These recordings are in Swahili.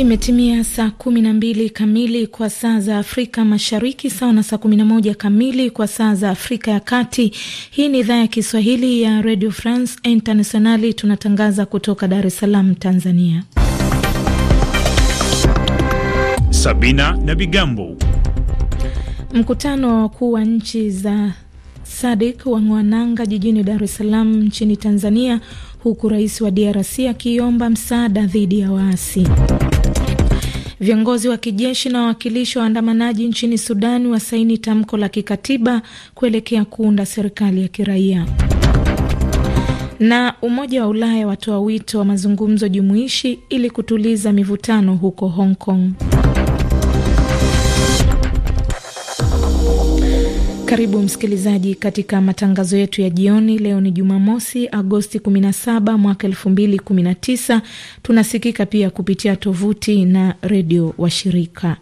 Imetimia saa kumi na mbili kamili kwa saa za Afrika Mashariki, sawa na saa kumi na moja kamili kwa saa za Afrika ya Kati. Hii ni idhaa ya Kiswahili ya Radio France Internationali, tunatangaza kutoka Dar es Salaam, Tanzania. Sabina na Bigambo. Mkutano wa wakuu wa nchi za SADIK ngwananga jijini Dar es Salaam nchini Tanzania, huku rais wa DRC akiomba msaada dhidi ya waasi. Viongozi wa kijeshi na wawakilishi wa waandamanaji nchini Sudani wasaini tamko la kikatiba kuelekea kuunda serikali ya kiraia. Na Umoja wa Ulaya watoa wito wa mazungumzo jumuishi ili kutuliza mivutano huko Hong Kong. Karibu msikilizaji katika matangazo yetu ya jioni. Leo ni Jumamosi, Agosti 17 mwaka 2019. Tunasikika pia kupitia tovuti na redio washirika.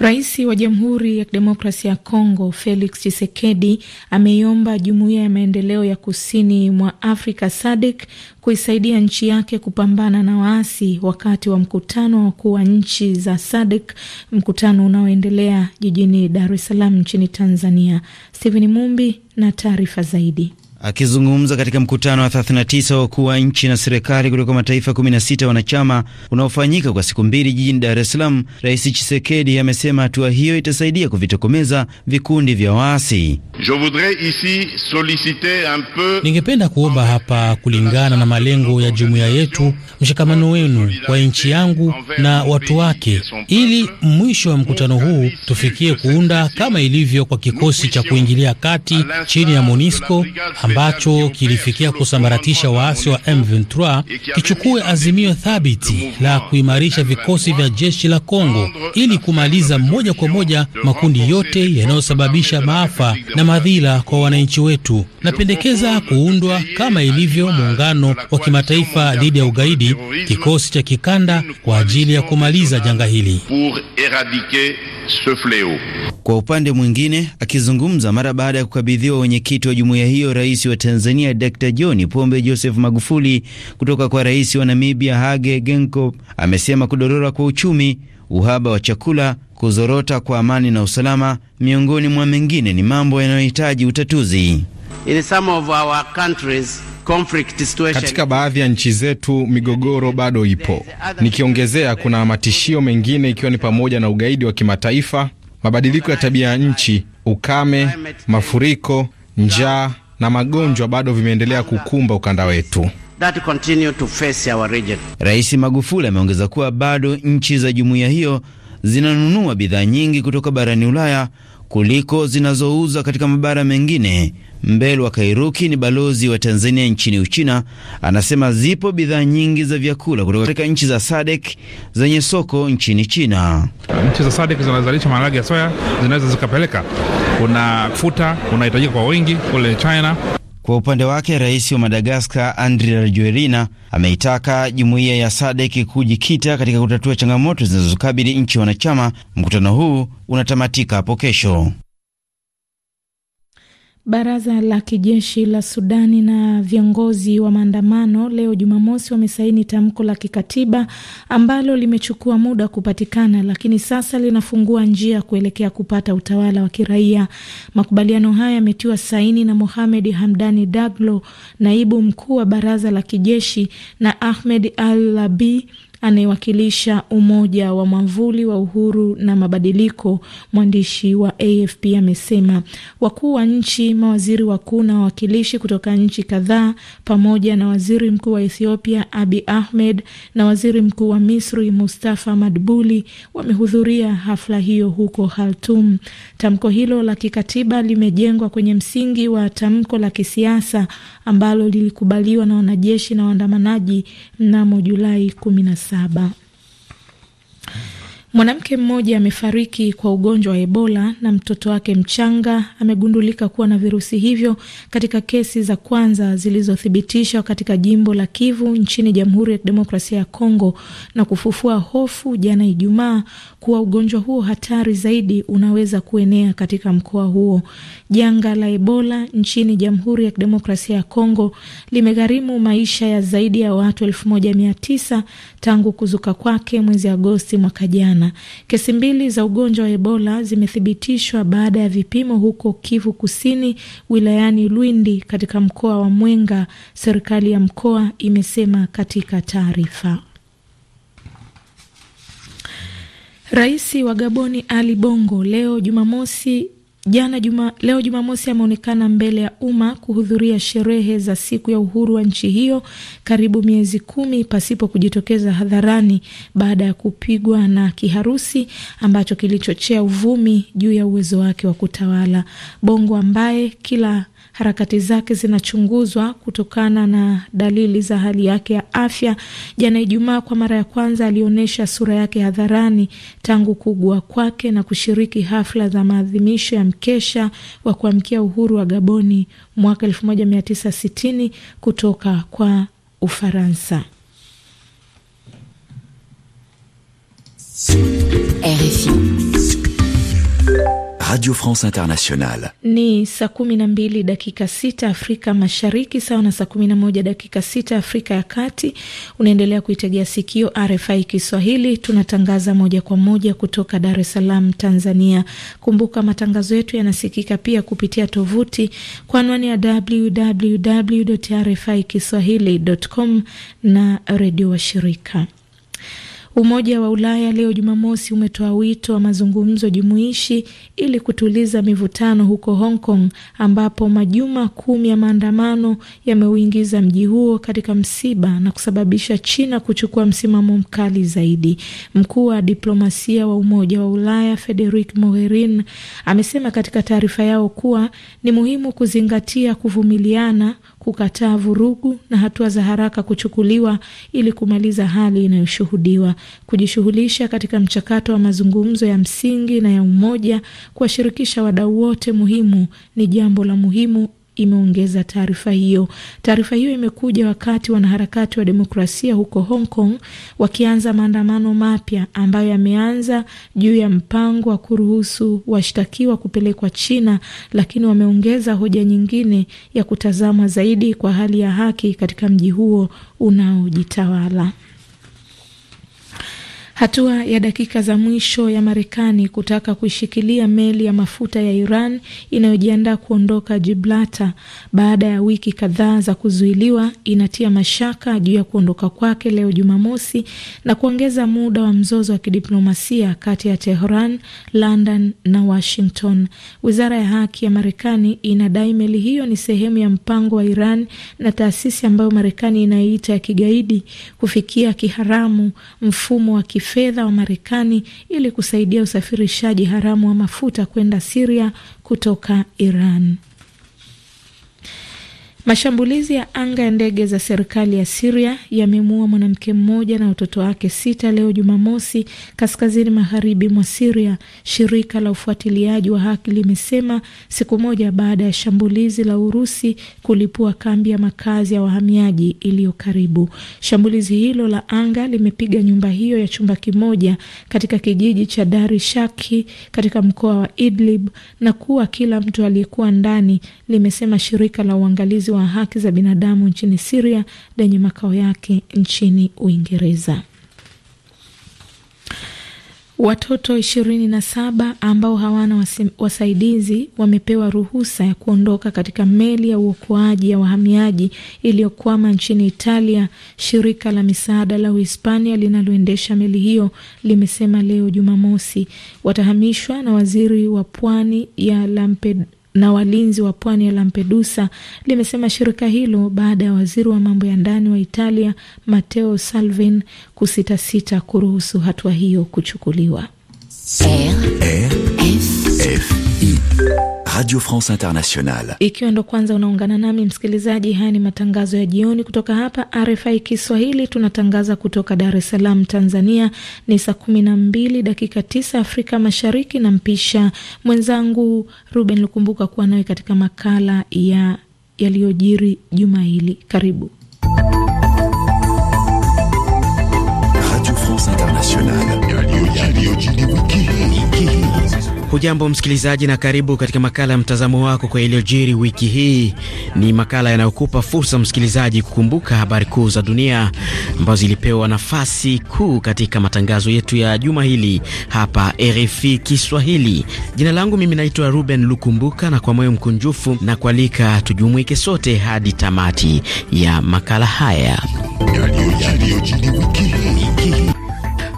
Rais wa Jamhuri ya Kidemokrasia ya Kongo Felix Tshisekedi ameiomba Jumuiya ya Maendeleo ya Kusini mwa Afrika SADC kuisaidia nchi yake kupambana na waasi wakati wa mkutano wa wakuu wa nchi za SADC, mkutano unaoendelea jijini Dar es Salaam nchini Tanzania. Stephen Mumbi na taarifa zaidi. Akizungumza katika mkutano wa 39 wa wakuu wa nchi na serikali kutoka mataifa 16 wanachama unaofanyika kwa siku mbili jijini Dar es Salaam, Rais chisekedi amesema hatua hiyo itasaidia kuvitokomeza vikundi vya waasi. Ningependa kuomba hapa, kulingana na malengo ya jumuiya yetu, mshikamano wenu kwa nchi yangu na watu wake, ili mwisho wa mkutano huu tufikie kuunda kama ilivyo kwa kikosi cha kuingilia kati chini ya MONUSCO ambacho kilifikia kusambaratisha waasi wa M23 kichukue azimio thabiti la kuimarisha vikosi vya jeshi la Kongo ili kumaliza moja kwa moja makundi yote yanayosababisha maafa na madhila kwa wananchi wetu. Napendekeza kuundwa kama ilivyo muungano wa kimataifa dhidi ya ugaidi, kikosi cha kikanda kwa ajili ya kumaliza janga hili. Kwa upande mwingine, akizungumza mara baada ya kukabidhiwa wenyekiti wa jumuiya hiyo, rais rais wa Tanzania Dkt John Pombe Joseph Magufuli kutoka kwa rais wa Namibia Hage Geingob amesema kudorora kwa uchumi, uhaba wa chakula, kuzorota kwa amani na usalama, miongoni mwa mengine, ni mambo yanayohitaji utatuzi. In some of our countries, conflict situation. Katika baadhi ya nchi zetu migogoro bado ipo. Nikiongezea, kuna matishio mengine ikiwa ni pamoja na ugaidi wa kimataifa, mabadiliko ya tabia ya nchi, ukame, mafuriko, njaa na magonjwa bado vimeendelea kukumba ukanda wetu. Rais Magufuli ameongeza kuwa bado nchi za jumuiya hiyo zinanunua bidhaa nyingi kutoka barani Ulaya kuliko zinazouza katika mabara mengine Mbelwa Kairuki ni balozi wa Tanzania nchini Uchina, anasema zipo bidhaa nyingi za vyakula kutoka katika nchi za SADC zenye soko nchini China. Nchi za SADC zinazalisha maharage ya soya zinaweza zikapeleka, kuna futa unahitajika kwa wingi kule China. Kwa upande wake rais wa Madagaskar Andri Rajoelina ameitaka jumuiya ya SADC kujikita katika kutatua changamoto zinazokabili nchi wanachama. Mkutano huu unatamatika hapo kesho. Baraza la kijeshi la Sudani na viongozi wa maandamano leo Jumamosi wamesaini tamko la kikatiba ambalo limechukua muda kupatikana, lakini sasa linafungua njia kuelekea kupata utawala wa kiraia. Makubaliano haya yametiwa saini na Mohamed Hamdani Daglo, naibu mkuu wa baraza la kijeshi na Ahmed Al Labi, anayewakilisha umoja wa mwamvuli wa uhuru na mabadiliko, mwandishi wa AFP amesema wakuu wa nchi, mawaziri wakuu na wawakilishi kutoka nchi kadhaa, pamoja na waziri mkuu wa Ethiopia Abi Ahmed na waziri mkuu wa Misri Mustafa Madbuli wamehudhuria hafla hiyo huko Khartoum. Tamko hilo la kikatiba limejengwa kwenye msingi wa tamko la kisiasa ambalo lilikubaliwa na wanajeshi na waandamanaji mnamo Julai 1 saba Mwanamke mmoja amefariki kwa ugonjwa wa Ebola na mtoto wake mchanga amegundulika kuwa na virusi hivyo katika kesi za kwanza zilizothibitishwa katika jimbo la Kivu nchini Jamhuri ya Kidemokrasia ya Kongo, na kufufua hofu jana Ijumaa kuwa ugonjwa huo hatari zaidi unaweza kuenea katika mkoa huo. Janga la Ebola nchini Jamhuri ya Kidemokrasia ya Kongo limegharimu maisha ya zaidi ya watu elfu moja mia tisa tangu kuzuka kwake mwezi Agosti mwaka jana jana. Kesi mbili za ugonjwa wa Ebola zimethibitishwa baada ya vipimo huko Kivu Kusini, wilayani Lwindi katika mkoa wa Mwenga, serikali ya mkoa imesema katika taarifa. Rais wa Gaboni Ali Bongo leo Jumamosi jana juma, leo Jumamosi ameonekana mbele ya umma kuhudhuria sherehe za siku ya uhuru wa nchi hiyo karibu miezi kumi pasipo kujitokeza hadharani baada ya kupigwa na kiharusi ambacho kilichochea uvumi juu ya uwezo wake wa kutawala. Bongo ambaye kila Harakati zake zinachunguzwa kutokana na dalili za hali yake ya afya. Jana Ijumaa, kwa mara ya kwanza alionyesha sura yake hadharani tangu kuugua kwake na kushiriki hafla za maadhimisho ya mkesha wa kuamkia uhuru wa Gaboni mwaka 1960 kutoka kwa Ufaransa. RFI. Radio France Internationale. Ni saa kumi na mbili dakika sita Afrika Mashariki, sawa na saa kumi na moja dakika sita Afrika ya Kati. Unaendelea kuitegea sikio RFI Kiswahili, tunatangaza moja kwa moja kutoka Dar es Salaam, Tanzania. Kumbuka matangazo yetu yanasikika pia kupitia tovuti kwa anwani ya www RFI kiswahili.com na redio washirika Umoja wa Ulaya leo Jumamosi umetoa wito wa mazungumzo jumuishi ili kutuliza mivutano huko Hong Kong, ambapo majuma kumi ya maandamano yameuingiza mji huo katika msiba na kusababisha China kuchukua msimamo mkali zaidi. Mkuu wa diplomasia wa Umoja wa Ulaya Federica Mogherini amesema katika taarifa yao kuwa ni muhimu kuzingatia kuvumiliana kukataa vurugu na hatua za haraka kuchukuliwa ili kumaliza hali inayoshuhudiwa, kujishughulisha katika mchakato wa mazungumzo ya msingi na ya umoja, kuwashirikisha wadau wote muhimu ni jambo la muhimu imeongeza taarifa hiyo. Taarifa hiyo imekuja wakati wanaharakati wa demokrasia huko Hong Kong wakianza maandamano mapya ambayo yameanza juu ya mpango wa kuruhusu washtakiwa kupelekwa China, lakini wameongeza hoja nyingine ya kutazamwa zaidi kwa hali ya haki katika mji huo unaojitawala. Hatua ya dakika za mwisho ya Marekani kutaka kuishikilia meli ya mafuta ya Iran inayojiandaa kuondoka jiblata baada ya wiki kadhaa za kuzuiliwa inatia mashaka juu ya kuondoka kwake leo Jumamosi na kuongeza muda wa mzozo wa kidiplomasia kati ya Tehran, London na Washington. Wizara ya haki ya Marekani inadai meli hiyo ni sehemu ya mpango wa Iran na taasisi ambayo Marekani inaiita ya kigaidi kufikia kiharamu mfumo wa kifedha wa Marekani ili kusaidia usafirishaji haramu wa mafuta kwenda Siria kutoka Iran. Mashambulizi ya anga ya ndege za serikali ya Siria yamemuua mwanamke mmoja na watoto wake sita leo Jumamosi, kaskazini magharibi mwa Siria, shirika la ufuatiliaji wa haki limesema siku moja baada ya shambulizi la Urusi kulipua kambi ya makazi ya wahamiaji iliyo karibu. Shambulizi hilo la anga limepiga nyumba hiyo ya chumba kimoja katika kijiji cha Dari Shaki katika mkoa wa Idlib na kuwa kila mtu aliyekuwa ndani, limesema shirika la uangalizi wa haki za binadamu nchini Siria lenye makao yake nchini Uingereza. Watoto ishirini na saba ambao hawana wasaidizi wamepewa ruhusa ya kuondoka katika meli ya uokoaji ya wahamiaji iliyokwama nchini Italia. Shirika la misaada la Uhispania linaloendesha meli hiyo limesema leo Jumamosi. Watahamishwa na waziri wa pwani ya na walinzi wa pwani ya Lampedusa limesema shirika hilo baada ya waziri wa mambo ya ndani wa Italia Matteo Salvin kusitasita kuruhusu hatua hiyo kuchukuliwa. RFI Radio France Internationale. Ikiwa ndo kwanza unaungana nami msikilizaji, haya ni matangazo ya jioni kutoka hapa RFI Kiswahili. Tunatangaza kutoka Dar es Salaam, Tanzania. Ni saa kumi na mbili dakika tisa Afrika Mashariki, na mpisha mwenzangu Ruben Lukumbuka kuwa nawe katika makala ya yaliyojiri juma hili. Karibu Radio France Internationale. Hujambo msikilizaji, na karibu katika makala ya mtazamo wako kwa iliyojiri wiki hii. Ni makala yanayokupa fursa msikilizaji kukumbuka habari kuu za dunia ambazo zilipewa nafasi kuu katika matangazo yetu ya juma hili hapa RFI Kiswahili. Jina langu mimi naitwa Ruben Lukumbuka, na kwa moyo mkunjufu na kualika tujumuike sote hadi tamati ya makala haya yali, yali, yali.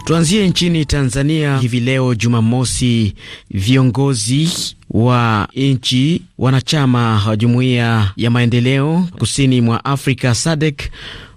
Tuanzie nchini Tanzania hivi leo Jumamosi, viongozi wa nchi wanachama wa jumuiya ya maendeleo kusini mwa Afrika SADC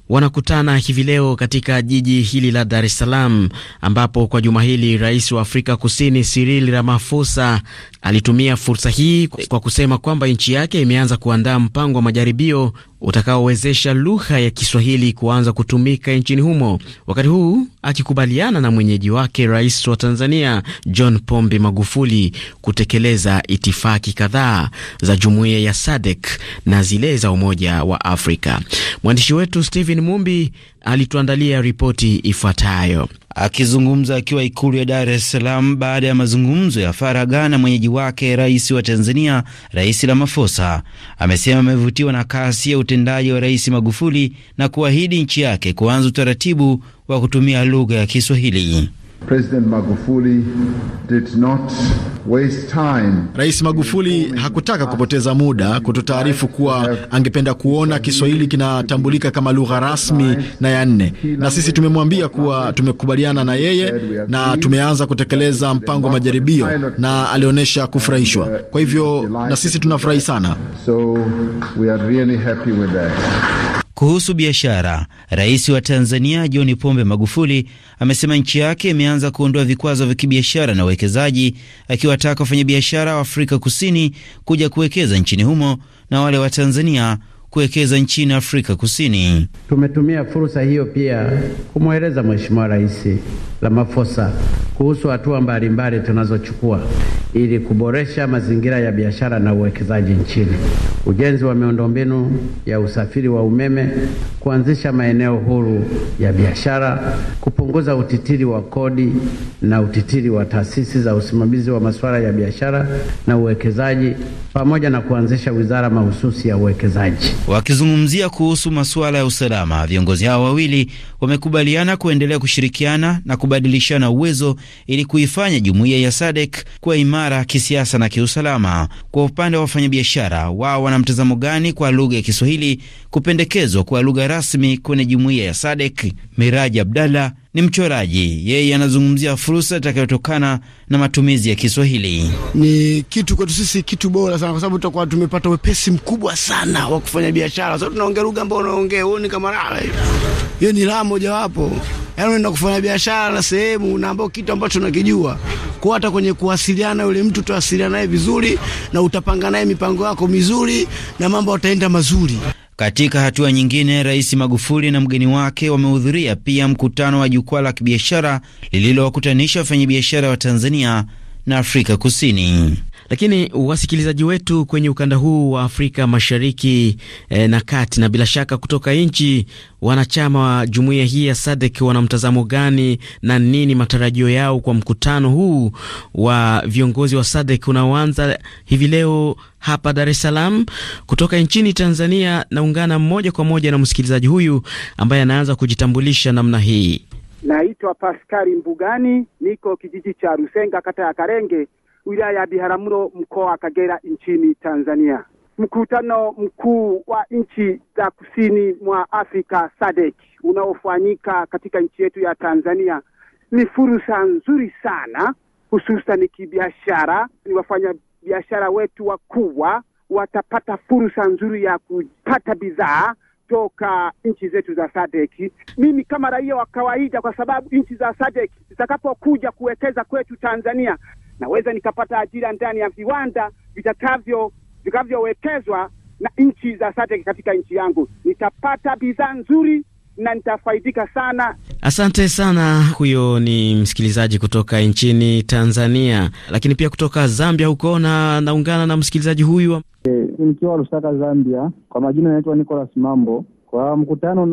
wanakutana hivi leo katika jiji hili la Dar es Salaam, ambapo kwa juma hili rais wa Afrika Kusini Cyril Ramaphosa alitumia fursa hii kwa kusema kwamba nchi yake imeanza kuandaa mpango wa majaribio utakaowezesha lugha ya Kiswahili kuanza kutumika nchini humo, wakati huu akikubaliana na mwenyeji wake Rais wa Tanzania John Pombe Magufuli kutekeleza itifaki kadhaa za jumuiya ya SADC na zile za Umoja wa Afrika. Mwandishi wetu Stephen Mumbi alituandalia ripoti ifuatayo. Akizungumza akiwa ikulu ya Dar es Salaam baada ya mazungumzo ya faragha na mwenyeji wake rais wa Tanzania, Rais Ramaphosa amesema amevutiwa na kasi ya utendaji wa Rais Magufuli na kuahidi nchi yake kuanza utaratibu wa kutumia lugha ya Kiswahili. President Magufuli did not waste time. Rais Magufuli hakutaka kupoteza muda kututaarifu kuwa angependa kuona Kiswahili kinatambulika kama lugha rasmi na ya nne, na sisi tumemwambia kuwa tumekubaliana na yeye na tumeanza kutekeleza mpango wa majaribio na alionyesha kufurahishwa. Kwa hivyo na sisi tunafurahi sana. So we are really happy with that. Kuhusu biashara, rais wa Tanzania John Pombe Magufuli amesema nchi yake imeanza kuondoa vikwazo vya kibiashara na uwekezaji, akiwataka wafanyabiashara wa Afrika Kusini kuja kuwekeza nchini humo na wale wa Tanzania kuwekeza nchini Afrika Kusini. Tumetumia fursa hiyo pia kumweleza Mheshimiwa Rais Ramaphosa kuhusu hatua mbalimbali tunazochukua ili kuboresha mazingira ya biashara na uwekezaji nchini, ujenzi wa miundombinu ya usafiri wa umeme, kuanzisha maeneo huru ya biashara, kupunguza utitiri wa kodi na utitiri wa taasisi za usimamizi wa masuala ya biashara na uwekezaji, pamoja na kuanzisha wizara mahususi ya uwekezaji. Wakizungumzia kuhusu masuala ya usalama, viongozi hao wawili wamekubaliana kuendelea kushirikiana na kubadilishana uwezo ili kuifanya jumuiya ya SADC kuwa imara kisiasa na kiusalama. Kwa upande wa wafanyabiashara, wao wana mtazamo gani kwa lugha ya Kiswahili kupendekezwa kwa lugha rasmi kwenye jumuiya ya SADC? Miraji Abdalla ni mchoraji, yeye anazungumzia fursa itakayotokana na matumizi ya Kiswahili. Ni kitu kwetu sisi kitu bora sana, kwa sababu tutakuwa tumepata wepesi mkubwa sana wa kufanya biashara. Sasa tunaongea lugha ambayo unaongea wewe, ni kama hiyo ni raha mojawapo, yaani unaenda kufanya biashara sehemu na ambao kitu ambacho unakijua kwa, hata kwenye kuwasiliana yule mtu utawasiliana naye vizuri na utapanga naye mipango yako mizuri na mambo yataenda mazuri. Katika hatua nyingine, Rais Magufuli na mgeni wake wamehudhuria pia mkutano wa jukwaa la kibiashara lililowakutanisha wafanyabiashara wa Tanzania na Afrika Kusini. Lakini wasikilizaji wetu kwenye ukanda huu wa Afrika Mashariki eh, na Kati na bila shaka kutoka nchi wanachama wa jumuiya hii ya SADC wana mtazamo gani na nini matarajio yao kwa mkutano huu wa viongozi wa SADC unaoanza hivi leo hapa Dar es Salaam? Kutoka nchini Tanzania naungana moja kwa moja na msikilizaji huyu ambaye anaanza kujitambulisha namna hii. Naitwa Paskari Mbugani, niko kijiji cha Rusenga, kata ya Karenge, wilaya ya Biharamulo mkoa wa Kagera nchini Tanzania. Mkutano mkuu wa nchi za kusini mwa Afrika SADC unaofanyika katika nchi yetu ya Tanzania ni fursa nzuri sana, hususan kibiashara. Ni wafanya biashara wetu wakubwa watapata fursa nzuri ya kupata bidhaa toka nchi zetu za SADC. Mimi kama raia wa kawaida, kwa sababu nchi za SADC zitakapokuja kuwekeza kwetu Tanzania, naweza nikapata ajira ndani ya viwanda vitakavyo vitakavyowekezwa na nchi za SADC katika nchi yangu, nitapata bidhaa nzuri na nitafaidika sana. Asante sana. Huyo ni msikilizaji kutoka nchini Tanzania, lakini pia kutoka Zambia huko na naungana na msikilizaji huyu nikiwa eh, Lusaka, Zambia. Kwa majina naitwa Nicholas Mambo. Kwa mkutano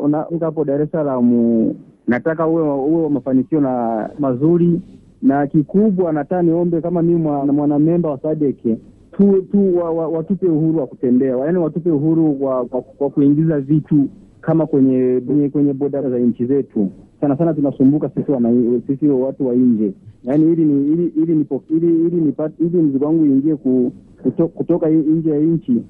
unafika hapo Dar es Salaam, nataka uwe uwe wa mafanikio na mazuri na kikubwa nataka niombe kama mi mwanamemba wa Sadeke tu, tu wa, wa, watupe uhuru wa kutembea, yaani watupe uhuru wa, wa, wa kuingiza vitu kama kwenye kwenye, kwenye boda za nchi zetu. Sana sana tunasumbuka sisi wa, sisi watu wa nje, yaani ili ni ili ili ili ili mzigo wangu uingie ku, kuto, kutoka nje ya nchi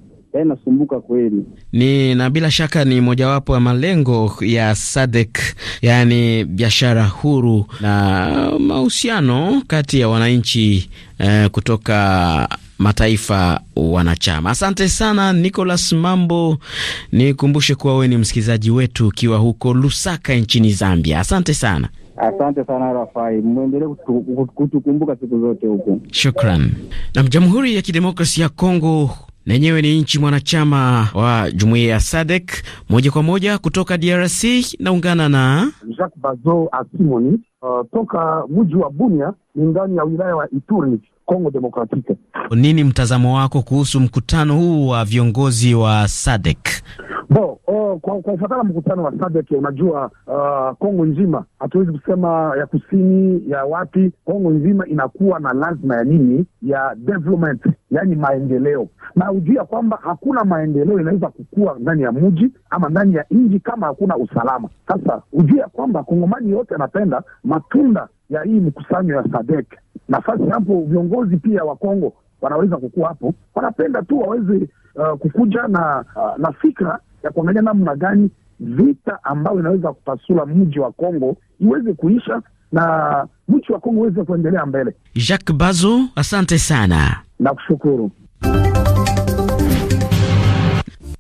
nasumbuka kweli ni na bila shaka ni mojawapo ya malengo ya SADC, yani biashara huru na mahusiano kati ya wananchi eh, kutoka mataifa wanachama. Asante sana Nicolas Mambo, nikumbushe kuwa wewe ni msikilizaji wetu ukiwa huko Lusaka nchini Zambia. Asante sana. Asante sana Rafai, mwendelee kutukumbuka siku zote huko, shukran. Na Jamhuri ya Kidemokrasia ya Kongo lenyewe ni nchi mwanachama wa jumuiya ya SADEK. Moja kwa moja kutoka DRC naungana na Jacques Bazo Asimoni uh, toka mji wa Bunia ni ndani ya wilaya wa Ituri Kongo Demokratike. Nini mtazamo wako kuhusu mkutano huu wa viongozi wa SADEK? Bo, oh, kwa, kwa ufatana mkutano wa SADC unajua, uh, Kongo nzima hatuwezi kusema ya kusini ya wapi, Kongo nzima inakuwa na lazima ya nini ya development, yani maendeleo, na ujua kwamba hakuna maendeleo inaweza kukua ndani ya mji ama ndani ya nji kama hakuna usalama. Sasa ujua kwamba Kongomani yote anapenda matunda ya hii mkusanyo ya SADC. Nafasi hapo viongozi pia wa Kongo wanaweza kukua hapo, wanapenda tu waweze uh, kukuja na, uh, na fikra ya kuangalia namna gani vita ambayo inaweza kupasula mji wa Kongo iweze kuisha na mji wa Kongo uweze kuendelea mbele. Jacques Bazo, asante sana, nakushukuru.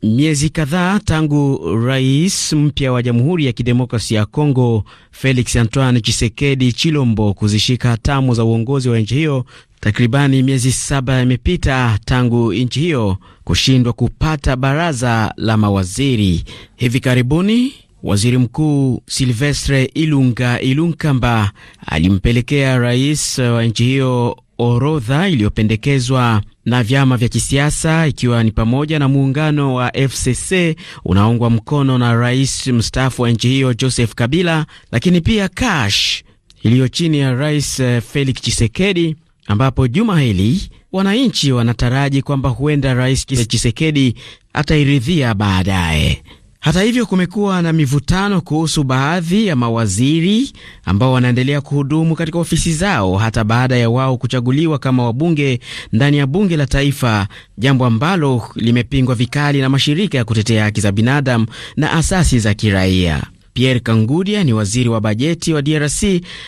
Miezi kadhaa tangu rais mpya wa Jamhuri ya kidemokrasi ya Kongo Felix Antoine Chisekedi Chilombo kuzishika hatamu za uongozi wa nchi hiyo, Takribani miezi saba imepita tangu nchi hiyo kushindwa kupata baraza la mawaziri. Hivi karibuni Waziri Mkuu Silvestre Ilunga Ilunkamba alimpelekea rais wa nchi hiyo orodha iliyopendekezwa na vyama vya kisiasa ikiwa ni pamoja na muungano wa FCC unaoungwa mkono na rais mstaafu wa nchi hiyo Joseph Kabila, lakini pia Kash iliyo chini ya rais Felix chisekedi ambapo juma hili wananchi wanataraji kwamba huenda Rais chisekedi atairidhia baadaye. Hata hivyo, kumekuwa na mivutano kuhusu baadhi ya mawaziri ambao wanaendelea kuhudumu katika ofisi zao hata baada ya wao kuchaguliwa kama wabunge ndani ya bunge la taifa, jambo ambalo limepingwa vikali na mashirika ya kutetea haki za binadamu na asasi za kiraia. Pierre Kangudia ni waziri wa bajeti wa DRC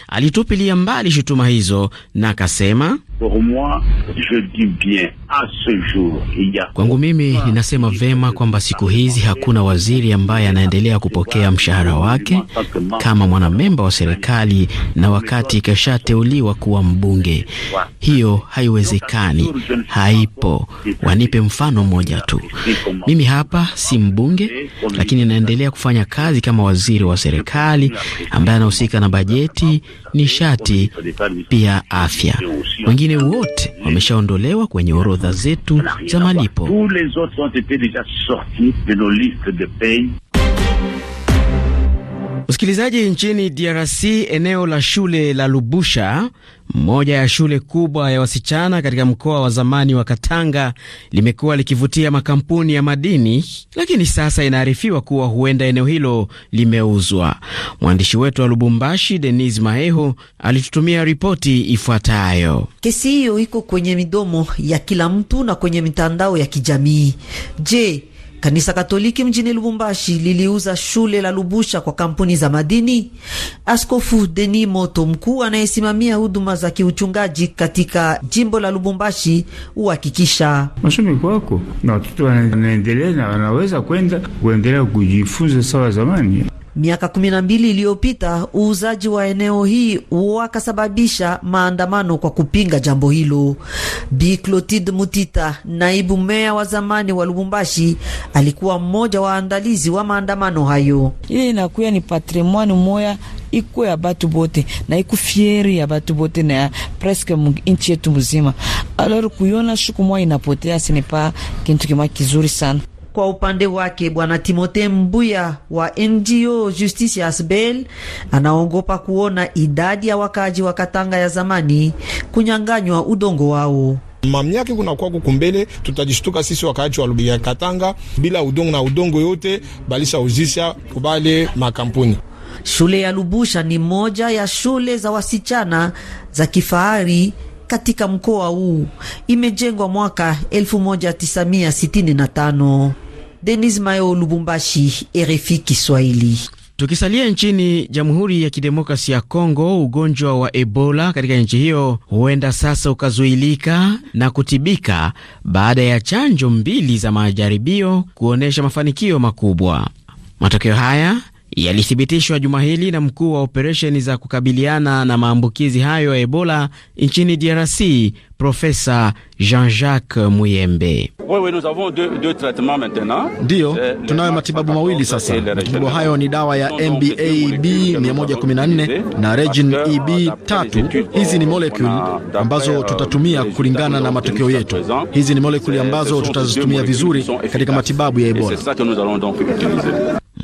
alitupilia mbali shutuma hizo na akasema Kwangu mimi ninasema vema kwamba siku hizi hakuna waziri ambaye anaendelea kupokea mshahara wake kama mwanamemba wa serikali na wakati kashateuliwa kuwa mbunge. Hiyo haiwezekani, haipo. Wanipe mfano mmoja tu. Mimi hapa si mbunge, lakini naendelea kufanya kazi kama waziri wa serikali ambaye anahusika na bajeti, nishati, pia afya. Wengine wengine wote wameshaondolewa kwenye orodha zetu za malipo. Msikilizaji, nchini DRC, eneo la shule la Lubusha, moja ya shule kubwa ya wasichana katika mkoa wa zamani wa Katanga, limekuwa likivutia makampuni ya madini, lakini sasa inaarifiwa kuwa huenda eneo hilo limeuzwa. Mwandishi wetu wa Lubumbashi, Denis Maeho, alitutumia ripoti ifuatayo. Kesi hiyo iko kwenye midomo ya kila mtu na kwenye mitandao ya kijamii. Je, Kanisa Katoliki mjini Lubumbashi liliuza shule la Lubusha kwa kampuni za madini. Askofu Denis Moto, mkuu anayesimamia huduma za kiuchungaji katika jimbo la Lubumbashi, uhakikisha masomi kwako na watoto wanaendelea na wanaweza kwenda kuendelea kujifunza sawa zamani. Miaka kumi na mbili iliyopita uuzaji wa eneo hii wakasababisha maandamano kwa kupinga jambo hilo. Bi Clotilde Mutita, naibu meya wa zamani wa Lubumbashi, alikuwa mmoja wa waandalizi wa maandamano hayo. Ile inakuya ni patrimoine moya iko ya batu bote na iko fieri ya batu bote na ya presque nchi yetu mzima. Alors kuyona shuku mwa inapotea, si kintu kima kizuri sana. Kwa upande wake Bwana Timothe Mbuya wa NGO Justice ya Asbel anaogopa kuona idadi ya wakaaji wa Katanga ya zamani kunyanganywa udongo wao mamnyake kunakuwa kukumbele, tutajishtuka sisi wakaaji wa Lubia Katanga bila udongo na udongo yote balisa uzisha kubale makampuni. Shule ya Lubusha ni moja ya shule za wasichana za kifahari katika mkoa huu, imejengwa mwaka 1965. Denis Mayo, Lubumbashi, RFI Kiswahili. Tukisalia nchini Jamhuri ya Kidemokrasi ya Kongo, ugonjwa wa Ebola katika nchi hiyo huenda sasa ukazuilika na kutibika baada ya chanjo mbili za majaribio kuonyesha mafanikio makubwa. Matokeo haya yalithibitishwa juma hili na mkuu wa operesheni za kukabiliana na maambukizi hayo ya Ebola nchini DRC Profesa Jean-Jacques Muyembe. Ndiyo, eh, tunayo matibabu mawili sasa. Matibabu hayo ni dawa ya MBAB 114 na Regin EB e 3. Hizi ni molekuli ambazo euh, tutatumia kulingana na matokeo yetu. Hizi ni molekuli eh, ambazo tutazitumia vizuri katika matibabu ya Ebola.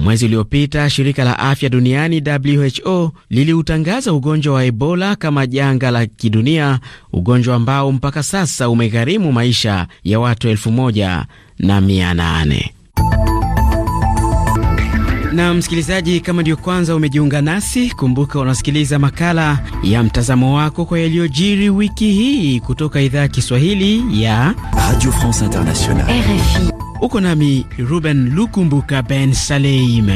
Mwezi uliopita shirika la afya duniani WHO liliutangaza ugonjwa wa Ebola kama janga la kidunia, ugonjwa ambao mpaka sasa umegharimu maisha ya watu elfu moja na mia nane na msikilizaji, kama ndiyo kwanza umejiunga nasi, kumbuka unasikiliza makala ya mtazamo wako kwa yaliyojiri wiki hii kutoka idhaa ya Kiswahili ya Radio France Internationale RFI. Uko nami Ruben Lukumbuka Ben Saleim.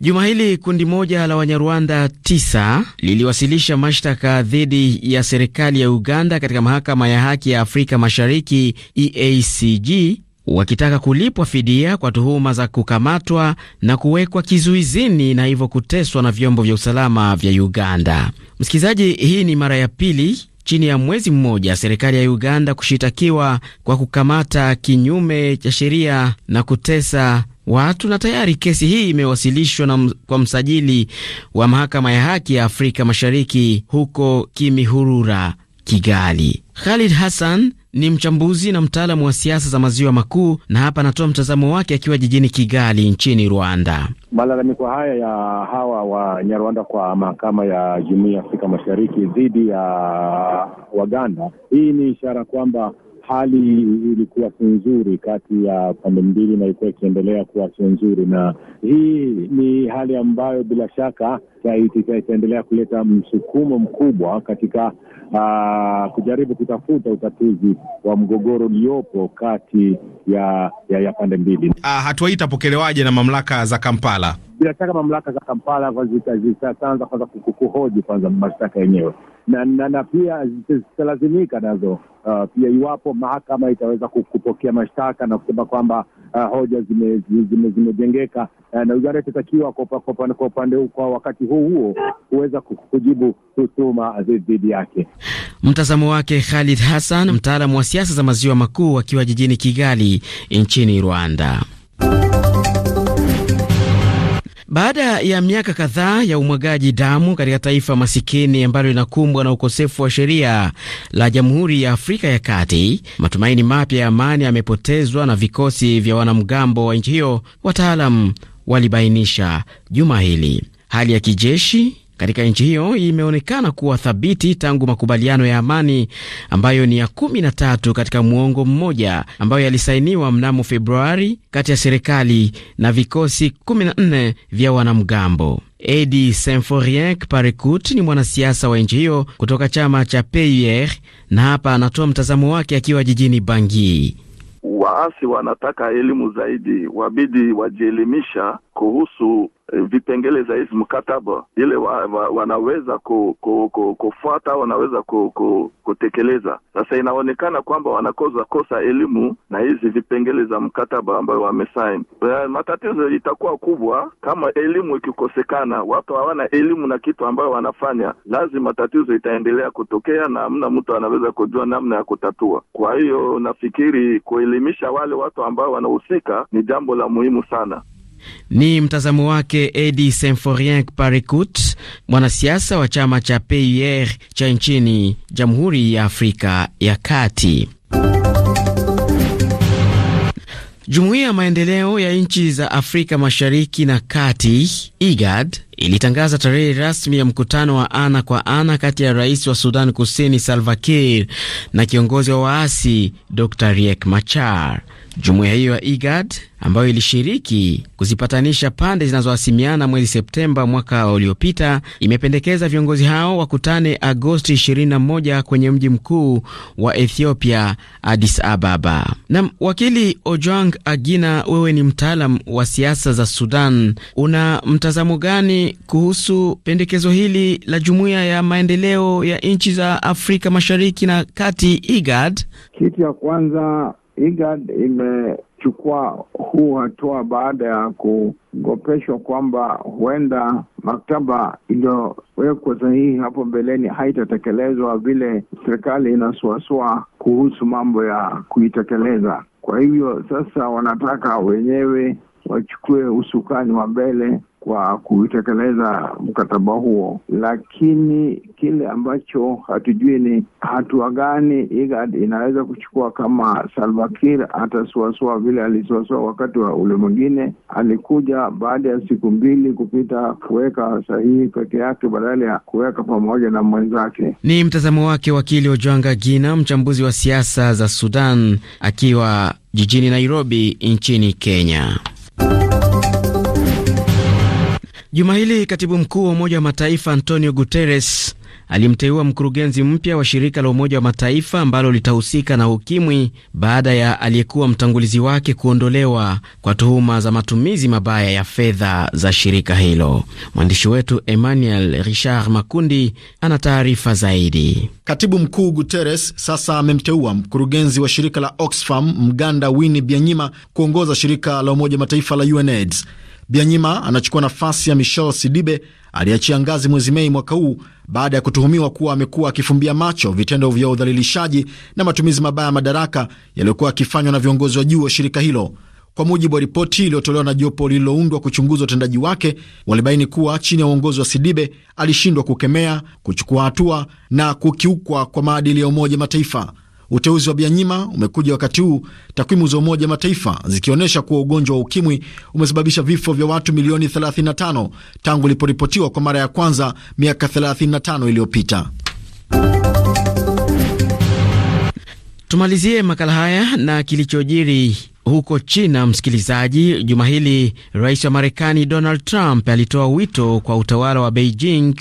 Juma hili kundi moja la Wanyarwanda tisa liliwasilisha mashtaka dhidi ya serikali ya Uganda katika mahakama ya haki ya Afrika Mashariki EACJ wakitaka kulipwa fidia kwa tuhuma za kukamatwa na kuwekwa kizuizini na hivyo kuteswa na vyombo vya usalama vya Uganda. Msikilizaji, hii ni mara ya pili chini ya mwezi mmoja serikali ya Uganda kushitakiwa kwa kukamata kinyume cha sheria na kutesa watu na tayari kesi hii imewasilishwa na kwa msajili wa mahakama ya haki ya Afrika Mashariki huko Kimihurura, Kigali. Khalid Hassan ni mchambuzi na mtaalamu wa siasa za maziwa makuu, na hapa anatoa mtazamo wake akiwa jijini Kigali nchini Rwanda. Malalamiko haya ya hawa Wanyarwanda kwa mahakama ya Jumuiya ya Afrika Mashariki dhidi ya Waganda, hii ni ishara kwamba hali ilikuwa si nzuri kati ya pande mbili na ilikuwa ikiendelea kuwa si nzuri, na hii ni hali ambayo bila shaka itaendelea kuleta msukumo mkubwa katika uh, kujaribu kutafuta utatuzi wa mgogoro uliopo kati ya, ya, ya pande mbili. Uh, hatua hii itapokelewaje na mamlaka za Kampala? bila shaka mamlaka za Kampala zitaanza kwanza kuhoji kwanza mashtaka yenyewe na, na, na pia zitalazimika nazo uh, pia iwapo mahakama itaweza kupokea mashtaka na kusema kwamba uh, hoja zimejengeka uh, na wizara itatakiwa kwa upande kwa wakati huu huo kuweza kujibu tuhuma dhidi yake. Mtazamo wake Khalid Hassan, mtaalamu wa siasa za maziwa makuu, akiwa jijini Kigali nchini Rwanda. Baada ya miaka kadhaa ya umwagaji damu katika taifa masikini ambalo linakumbwa na ukosefu wa sheria la Jamhuri ya Afrika ya Kati, matumaini mapya ya amani yamepotezwa na vikosi vya wanamgambo wa nchi hiyo, wataalam walibainisha juma hili. Hali ya kijeshi katika nchi hiyo imeonekana kuwa thabiti tangu makubaliano ya amani ambayo ni ya kumi na tatu katika mwongo mmoja ambayo yalisainiwa mnamo Februari kati ya serikali na vikosi 14 vya wanamgambo. Edi Symphorien Parekut ni mwanasiasa wa nchi hiyo kutoka chama cha PUR na hapa anatoa mtazamo wake akiwa jijini Bangi. Waasi wanataka elimu zaidi, wabidi wajielimisha kuhusu Eh, vipengele za hizi mkataba ile wa, wa, wanaweza ku, ku, ku, kufuata wanaweza ku, ku, kutekeleza. Sasa inaonekana kwamba wanakoza kosa elimu na hizi vipengele za mkataba ambayo wamesaini. Eh, matatizo itakuwa kubwa kama elimu ikikosekana, watu hawana elimu na kitu ambayo wanafanya, lazima tatizo itaendelea kutokea na hamna mtu anaweza kujua namna ya kutatua. Kwa hiyo nafikiri kuelimisha wale watu ambao wanahusika ni jambo la muhimu sana. Ni mtazamo wake Edi Semforien Parekut, mwanasiasa wa chama cha PUR cha nchini Jamhuri ya Afrika ya Kati. Jumuiya ya maendeleo ya nchi za Afrika Mashariki na Kati, IGAD, ilitangaza tarehe rasmi ya mkutano wa ana kwa ana kati ya rais wa Sudan Kusini Salva Kiir na kiongozi wa waasi Dr Riek Machar. Jumuiya hiyo ya IGAD ambayo ilishiriki kuzipatanisha pande zinazohasimiana mwezi Septemba mwaka uliopita imependekeza viongozi hao wakutane Agosti 21 kwenye mji mkuu wa Ethiopia, Addis Ababa. Na wakili Ojwang Agina, wewe ni mtaalam wa siasa za Sudan, una mtazamo gani kuhusu pendekezo hili la jumuiya ya maendeleo ya nchi za Afrika Mashariki na Kati, IGAD? Kitu ya kwanza IGAD imechukua huu hatua baada ya kugopeshwa kwamba huenda maktaba iliyowekwa sahihi hapo mbeleni haitatekelezwa vile serikali inasuasua kuhusu mambo ya kuitekeleza. Kwa hivyo sasa wanataka wenyewe wachukue usukani wa mbele kwa kutekeleza mkataba huo, lakini kile ambacho hatujui ni hatua gani IGAD inaweza kuchukua kama Salva Kiir atasuasua vile alisuasua wakati wa ule mwingine. Alikuja baada ya siku mbili kupita kuweka sahihi peke yake badala ya kuweka pamoja na mwenzake. Ni mtazamo wake wakili Ojwanga Gina, mchambuzi wa siasa za Sudan, akiwa jijini Nairobi nchini Kenya. Juma hili katibu mkuu wa Umoja wa Mataifa Antonio Guterres alimteua mkurugenzi mpya wa shirika la Umoja wa Mataifa ambalo litahusika na ukimwi baada ya aliyekuwa mtangulizi wake kuondolewa kwa tuhuma za matumizi mabaya ya fedha za shirika hilo. Mwandishi wetu Emmanuel Richard Makundi ana taarifa zaidi. Katibu mkuu Guterres sasa amemteua mkurugenzi wa shirika la Oxfam Mganda Winnie Byanyima kuongoza shirika la Umoja wa Mataifa la UNAIDS. Byanyima anachukua nafasi ya Michel Sidibe aliyeachia ngazi mwezi Mei mwaka huu baada ya kutuhumiwa kuwa amekuwa akifumbia macho vitendo vya udhalilishaji na matumizi mabaya ya madaraka yaliyokuwa yakifanywa na viongozi wa juu wa shirika hilo. Kwa mujibu wa ripoti iliyotolewa na jopo lililoundwa kuchunguza utendaji wake, walibaini kuwa chini ya uongozi wa Sidibe alishindwa kukemea, kuchukua hatua na kukiukwa kwa maadili ya Umoja Mataifa. Uteuzi wa Bianyima umekuja wakati huu takwimu za Umoja Mataifa zikionyesha kuwa ugonjwa wa ukimwi umesababisha vifo vya watu milioni 35 tangu iliporipotiwa kwa mara ya kwanza miaka 35 iliyopita. Tumalizie makala haya na kilichojiri huko China, msikilizaji, juma hili rais wa Marekani Donald Trump alitoa wito kwa utawala wa Beijing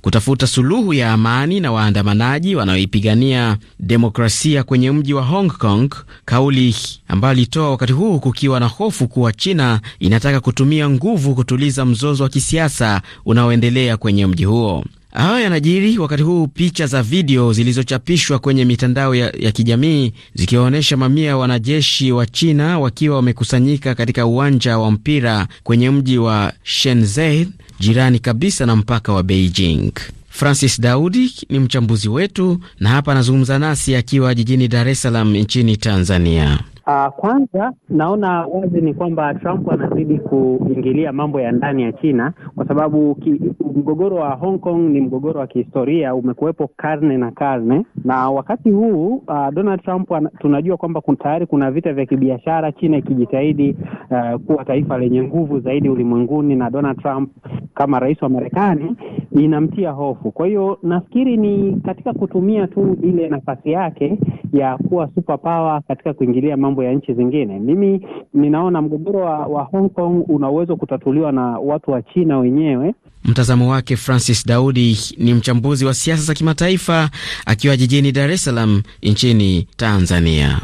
kutafuta suluhu ya amani na waandamanaji wanaoipigania demokrasia kwenye mji wa Hong Kong, kauli ambayo alitoa wakati huu kukiwa na hofu kuwa China inataka kutumia nguvu kutuliza mzozo wa kisiasa unaoendelea kwenye mji huo. Hayo yanajiri wakati huu picha za video zilizochapishwa kwenye mitandao ya, ya kijamii zikiwaonyesha mamia ya wanajeshi wa China wakiwa wamekusanyika katika uwanja wa mpira kwenye mji wa Shenzhen, jirani kabisa na mpaka wa Beijing. Francis Daudi ni mchambuzi wetu na hapa anazungumza nasi akiwa jijini Dar es Salaam nchini Tanzania. Uh, kwanza naona wazi ni kwamba Trump anazidi kuingilia mambo ya ndani ya China kwa sababu ki, mgogoro wa Hong Kong ni mgogoro wa kihistoria, umekuwepo karne na karne, na wakati huu uh, Donald Trump an, tunajua kwamba tayari kuna vita vya kibiashara, China ikijitahidi uh, kuwa taifa lenye nguvu zaidi ulimwenguni, na Donald Trump kama rais wa Marekani inamtia hofu. Kwa hiyo nafikiri ni katika kutumia tu ile nafasi yake ya kuwa superpower katika kuingilia mambo mambo ya nchi zingine. Mimi ninaona mgogoro wa, wa Hong Kong una uwezo kutatuliwa na watu wa China wenyewe. Mtazamo wake Francis Daudi ni mchambuzi wa siasa za kimataifa akiwa jijini Dar es Salaam nchini Tanzania.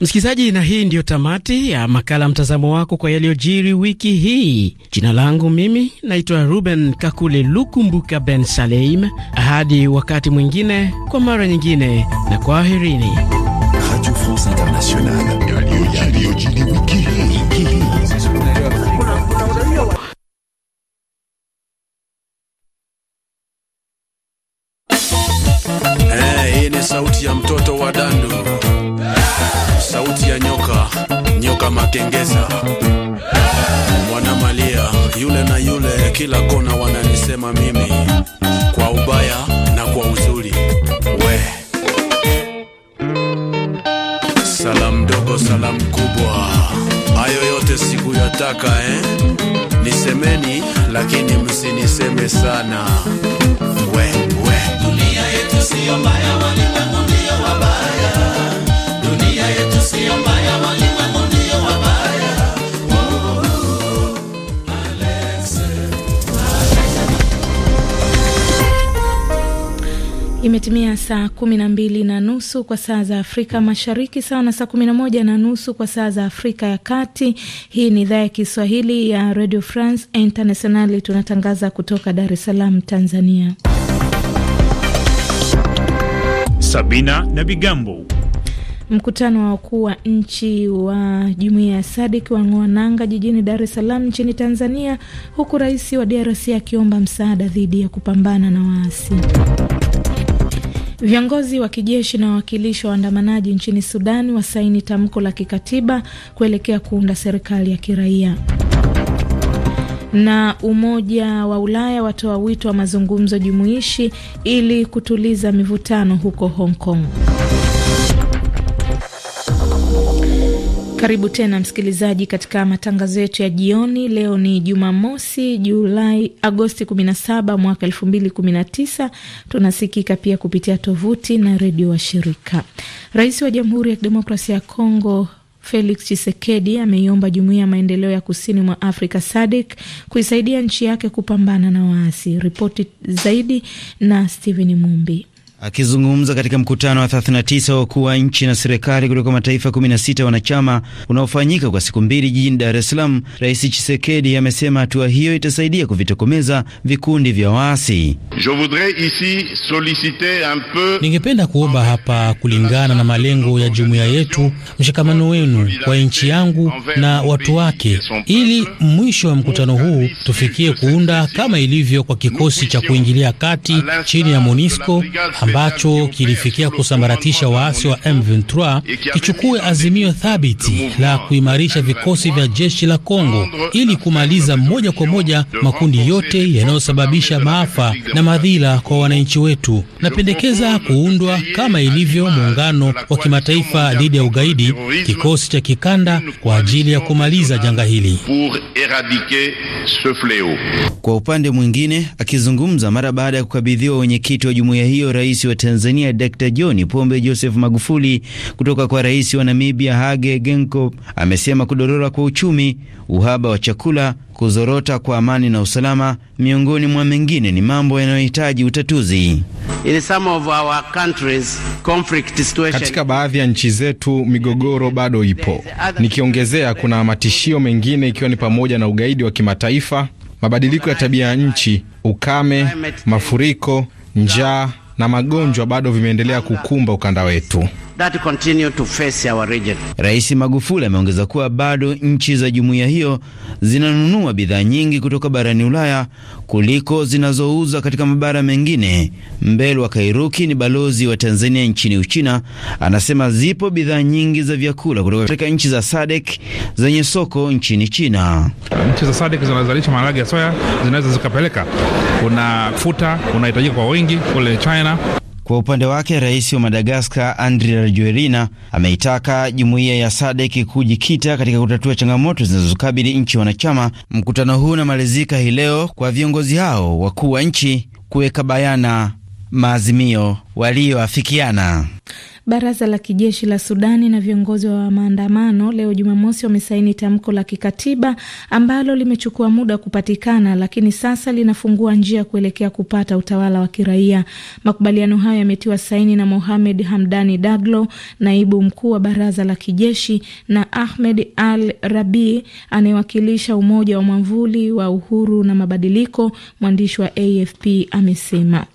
Msikilizaji, na hii ndiyo tamati ya makala mtazamo wako kwa yaliyojiri wiki hii. Jina langu mimi naitwa Ruben Kakule Lukumbuka Ben Saleim. Hadi wakati mwingine, kwa mara nyingine, na kwaherini. Radio eh, Hii ni sauti ya mtoto wa dandu sauti ya nyoka, nyoka makengeza mwana malia yule na yule, kila kona wananisema mimi kwa ubaya na kwa uzuri. We salamu dogo salamu kubwa, hayo yote siku yataka eh? Nisemeni lakini msiniseme sana we saa kumi na mbili na nusu kwa saa za Afrika Mashariki, sawa na saa kumi na moja na nusu kwa saa za Afrika ya Kati. Hii ni idhaa ya Kiswahili ya Radio France Internationali, tunatangaza kutoka Dar es Salaam, Tanzania. Sabina na Bigambo. Mkutano wa wakuu wa nchi wa jumuiya ya SADIK wang'oa nanga jijini Dar es Salaam nchini Tanzania, huku rais wa DRC akiomba msaada dhidi ya kupambana na waasi. Viongozi wa kijeshi na wawakilishi wa waandamanaji nchini Sudani wasaini tamko la kikatiba kuelekea kuunda serikali ya kiraia. Na Umoja wa Ulaya watoa wito wa mazungumzo jumuishi ili kutuliza mivutano huko Hong Kong. Karibu tena msikilizaji, katika matangazo yetu ya jioni. Leo ni Jumamosi, Julai Agosti 17 mwaka 2019. Tunasikika pia kupitia tovuti na redio wa shirika. Rais wa Jamhuri ya Kidemokrasia ya Kongo Felix Tshisekedi ameiomba jumuiya ya maendeleo ya kusini mwa Afrika SADC kuisaidia nchi yake kupambana na waasi. Ripoti zaidi na Steven Mumbi. Akizungumza katika mkutano wa 39 wa wakuu wa nchi na serikali kutoka mataifa 16 wanachama unaofanyika kwa siku mbili jijini Dar es Salaam, Rais chisekedi amesema hatua hiyo itasaidia kuvitokomeza vikundi vya waasi. Ningependa kuomba hapa, kulingana na malengo ya jumuiya yetu, mshikamano wenu kwa nchi yangu na watu wake, ili mwisho wa mkutano huu tufikie kuunda kama ilivyo kwa kikosi cha kuingilia kati chini ya MONUSCO ambacho kilifikia kusambaratisha waasi wa M23 kichukue azimio thabiti la kuimarisha vikosi vya jeshi la Kongo ili kumaliza moja kwa moja makundi yote yanayosababisha maafa na madhila kwa wananchi wetu. Napendekeza kuundwa kama ilivyo muungano wa kimataifa dhidi ya ugaidi, kikosi cha kikanda kwa ajili ya kumaliza janga hili. Kwa upande mwingine, akizungumza mara baada ya kukabidhiwa wenyekiti wa jumuiya hiyo, rais rais wa Tanzania Dr. John Pombe Joseph Magufuli kutoka kwa rais wa Namibia Hage Geingob amesema kudorora kwa uchumi, uhaba wa chakula, kuzorota kwa amani na usalama, miongoni mwa mengine, ni mambo yanayohitaji utatuzi. In some of our countries, conflict situation. Katika baadhi ya nchi zetu migogoro bado ipo. Nikiongezea, kuna matishio mengine ikiwa ni pamoja na ugaidi wa kimataifa, mabadiliko ya tabia ya nchi, ukame, mafuriko, njaa na magonjwa bado vimeendelea kukumba ukanda wetu that continue to face our region. Rais Magufuli ameongeza kuwa bado nchi za jumuiya hiyo zinanunua bidhaa nyingi kutoka barani Ulaya kuliko zinazouza katika mabara mengine. Mbelwa Kairuki ni balozi wa Tanzania nchini Uchina, anasema zipo bidhaa nyingi za vyakula kutoka katika nchi za SADC zenye soko nchini China. Nchi za SADC zinazalisha maharage ya soya, zinaweza zikapeleka. Kuna futa unahitajika kwa wingi kule China. Kwa upande wake, rais wa Madagaskar Andry Rajoelina ameitaka jumuiya ya SADEK kujikita katika kutatua changamoto zinazokabili nchi wanachama. Mkutano huu unamalizika hii leo kwa viongozi hao wakuu wa nchi kuweka bayana maazimio waliyoafikiana Baraza la kijeshi la Sudani na viongozi wa maandamano leo Jumamosi wamesaini tamko la kikatiba ambalo limechukua muda kupatikana, lakini sasa linafungua njia kuelekea kupata utawala wa kiraia. Makubaliano hayo yametiwa saini na Mohamed Hamdani Daglo, naibu mkuu wa baraza la kijeshi na Ahmed Al Rabi anayewakilisha Umoja wa Mwamvuli wa Uhuru na Mabadiliko, mwandishi wa AFP amesema.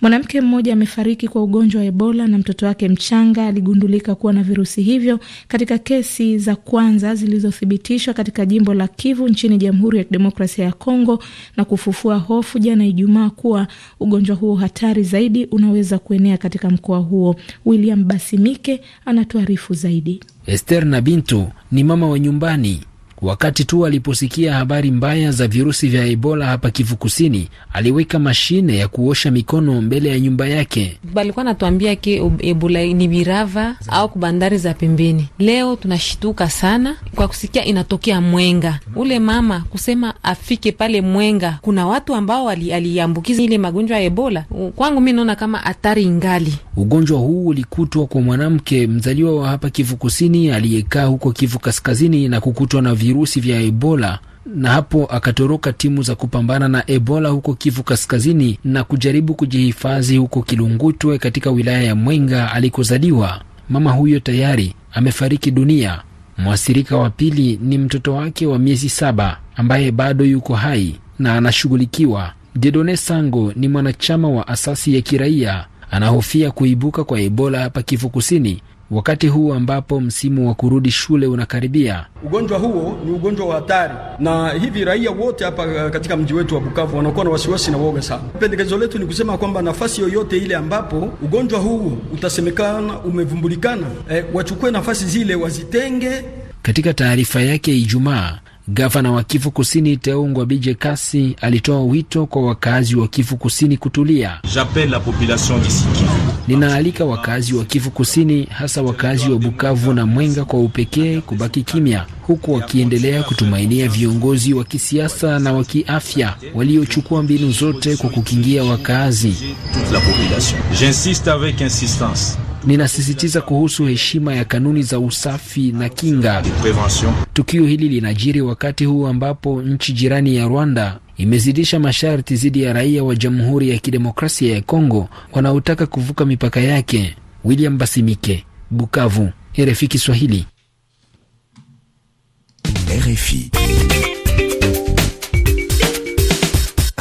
Mwanamke mmoja amefariki kwa ugonjwa wa Ebola na mtoto wake mchanga aligundulika kuwa na virusi hivyo katika kesi za kwanza zilizothibitishwa katika jimbo la Kivu nchini Jamhuri ya Kidemokrasia ya Kongo na kufufua hofu jana Ijumaa kuwa ugonjwa huo hatari zaidi unaweza kuenea katika mkoa huo. William Basimike anatuarifu zaidi. Ester na Bintu ni mama wa nyumbani Wakati tu aliposikia habari mbaya za virusi vya Ebola hapa Kivu Kusini, aliweka mashine ya kuosha mikono mbele ya nyumba yake. Balikuwa natuambia ke Ebola ni birava au kubandari za pembeni. Leo tunashituka sana kwa kusikia inatokea Mwenga. Ule mama kusema afike pale Mwenga, kuna watu ambao aliambukiza ali ile magonjwa ya Ebola. Kwangu mi naona kama hatari ingali. Ugonjwa huu ulikutwa kwa mwanamke mzaliwa wa hapa Kivu Kusini aliyekaa huko Kivu Kaskazini na kukutwa na virusi virusi vya Ebola na hapo akatoroka timu za kupambana na Ebola huko Kivu Kaskazini na kujaribu kujihifadhi huko Kilungutwe katika wilaya ya Mwenga alikozaliwa. Mama huyo tayari amefariki dunia. Mwathirika wa pili ni mtoto wake wa miezi saba ambaye bado yuko hai na anashughulikiwa. Dedone Sango ni mwanachama wa asasi ya kiraia, anahofia kuibuka kwa Ebola hapa Kivu Kusini wakati huu ambapo msimu wa kurudi shule unakaribia. Ugonjwa huo ni ugonjwa wa hatari, na hivi raia wote hapa eh, katika mji wetu wa Bukavu wanakuwa na wasiwasi na woga sana. Pendekezo letu ni kusema kwamba nafasi yoyote ile ambapo ugonjwa huu utasemekana umevumbulikana, e, wachukue nafasi zile wazitenge. Katika taarifa yake Ijumaa Gavana wa Kivu Kusini Teungwa Bije Kasi alitoa wito kwa wakazi wa Kivu Kusini kutulia. Ninaalika wakazi wa Kivu Kusini, hasa wakazi wa Bukavu na Mwenga kwa upekee, kubaki kimya, huku wakiendelea kutumainia viongozi wa kisiasa na wa kiafya waliochukua mbinu zote kwa kukingia wakazi ninasisitiza kuhusu heshima ya kanuni za usafi na kinga. Tukio hili linajiri wakati huu ambapo nchi jirani ya Rwanda imezidisha masharti dhidi ya raia wa Jamhuri ya Kidemokrasia ya Kongo wanaotaka kuvuka mipaka yake. William Basimike, Bukavu, RFI Kiswahili. RFI.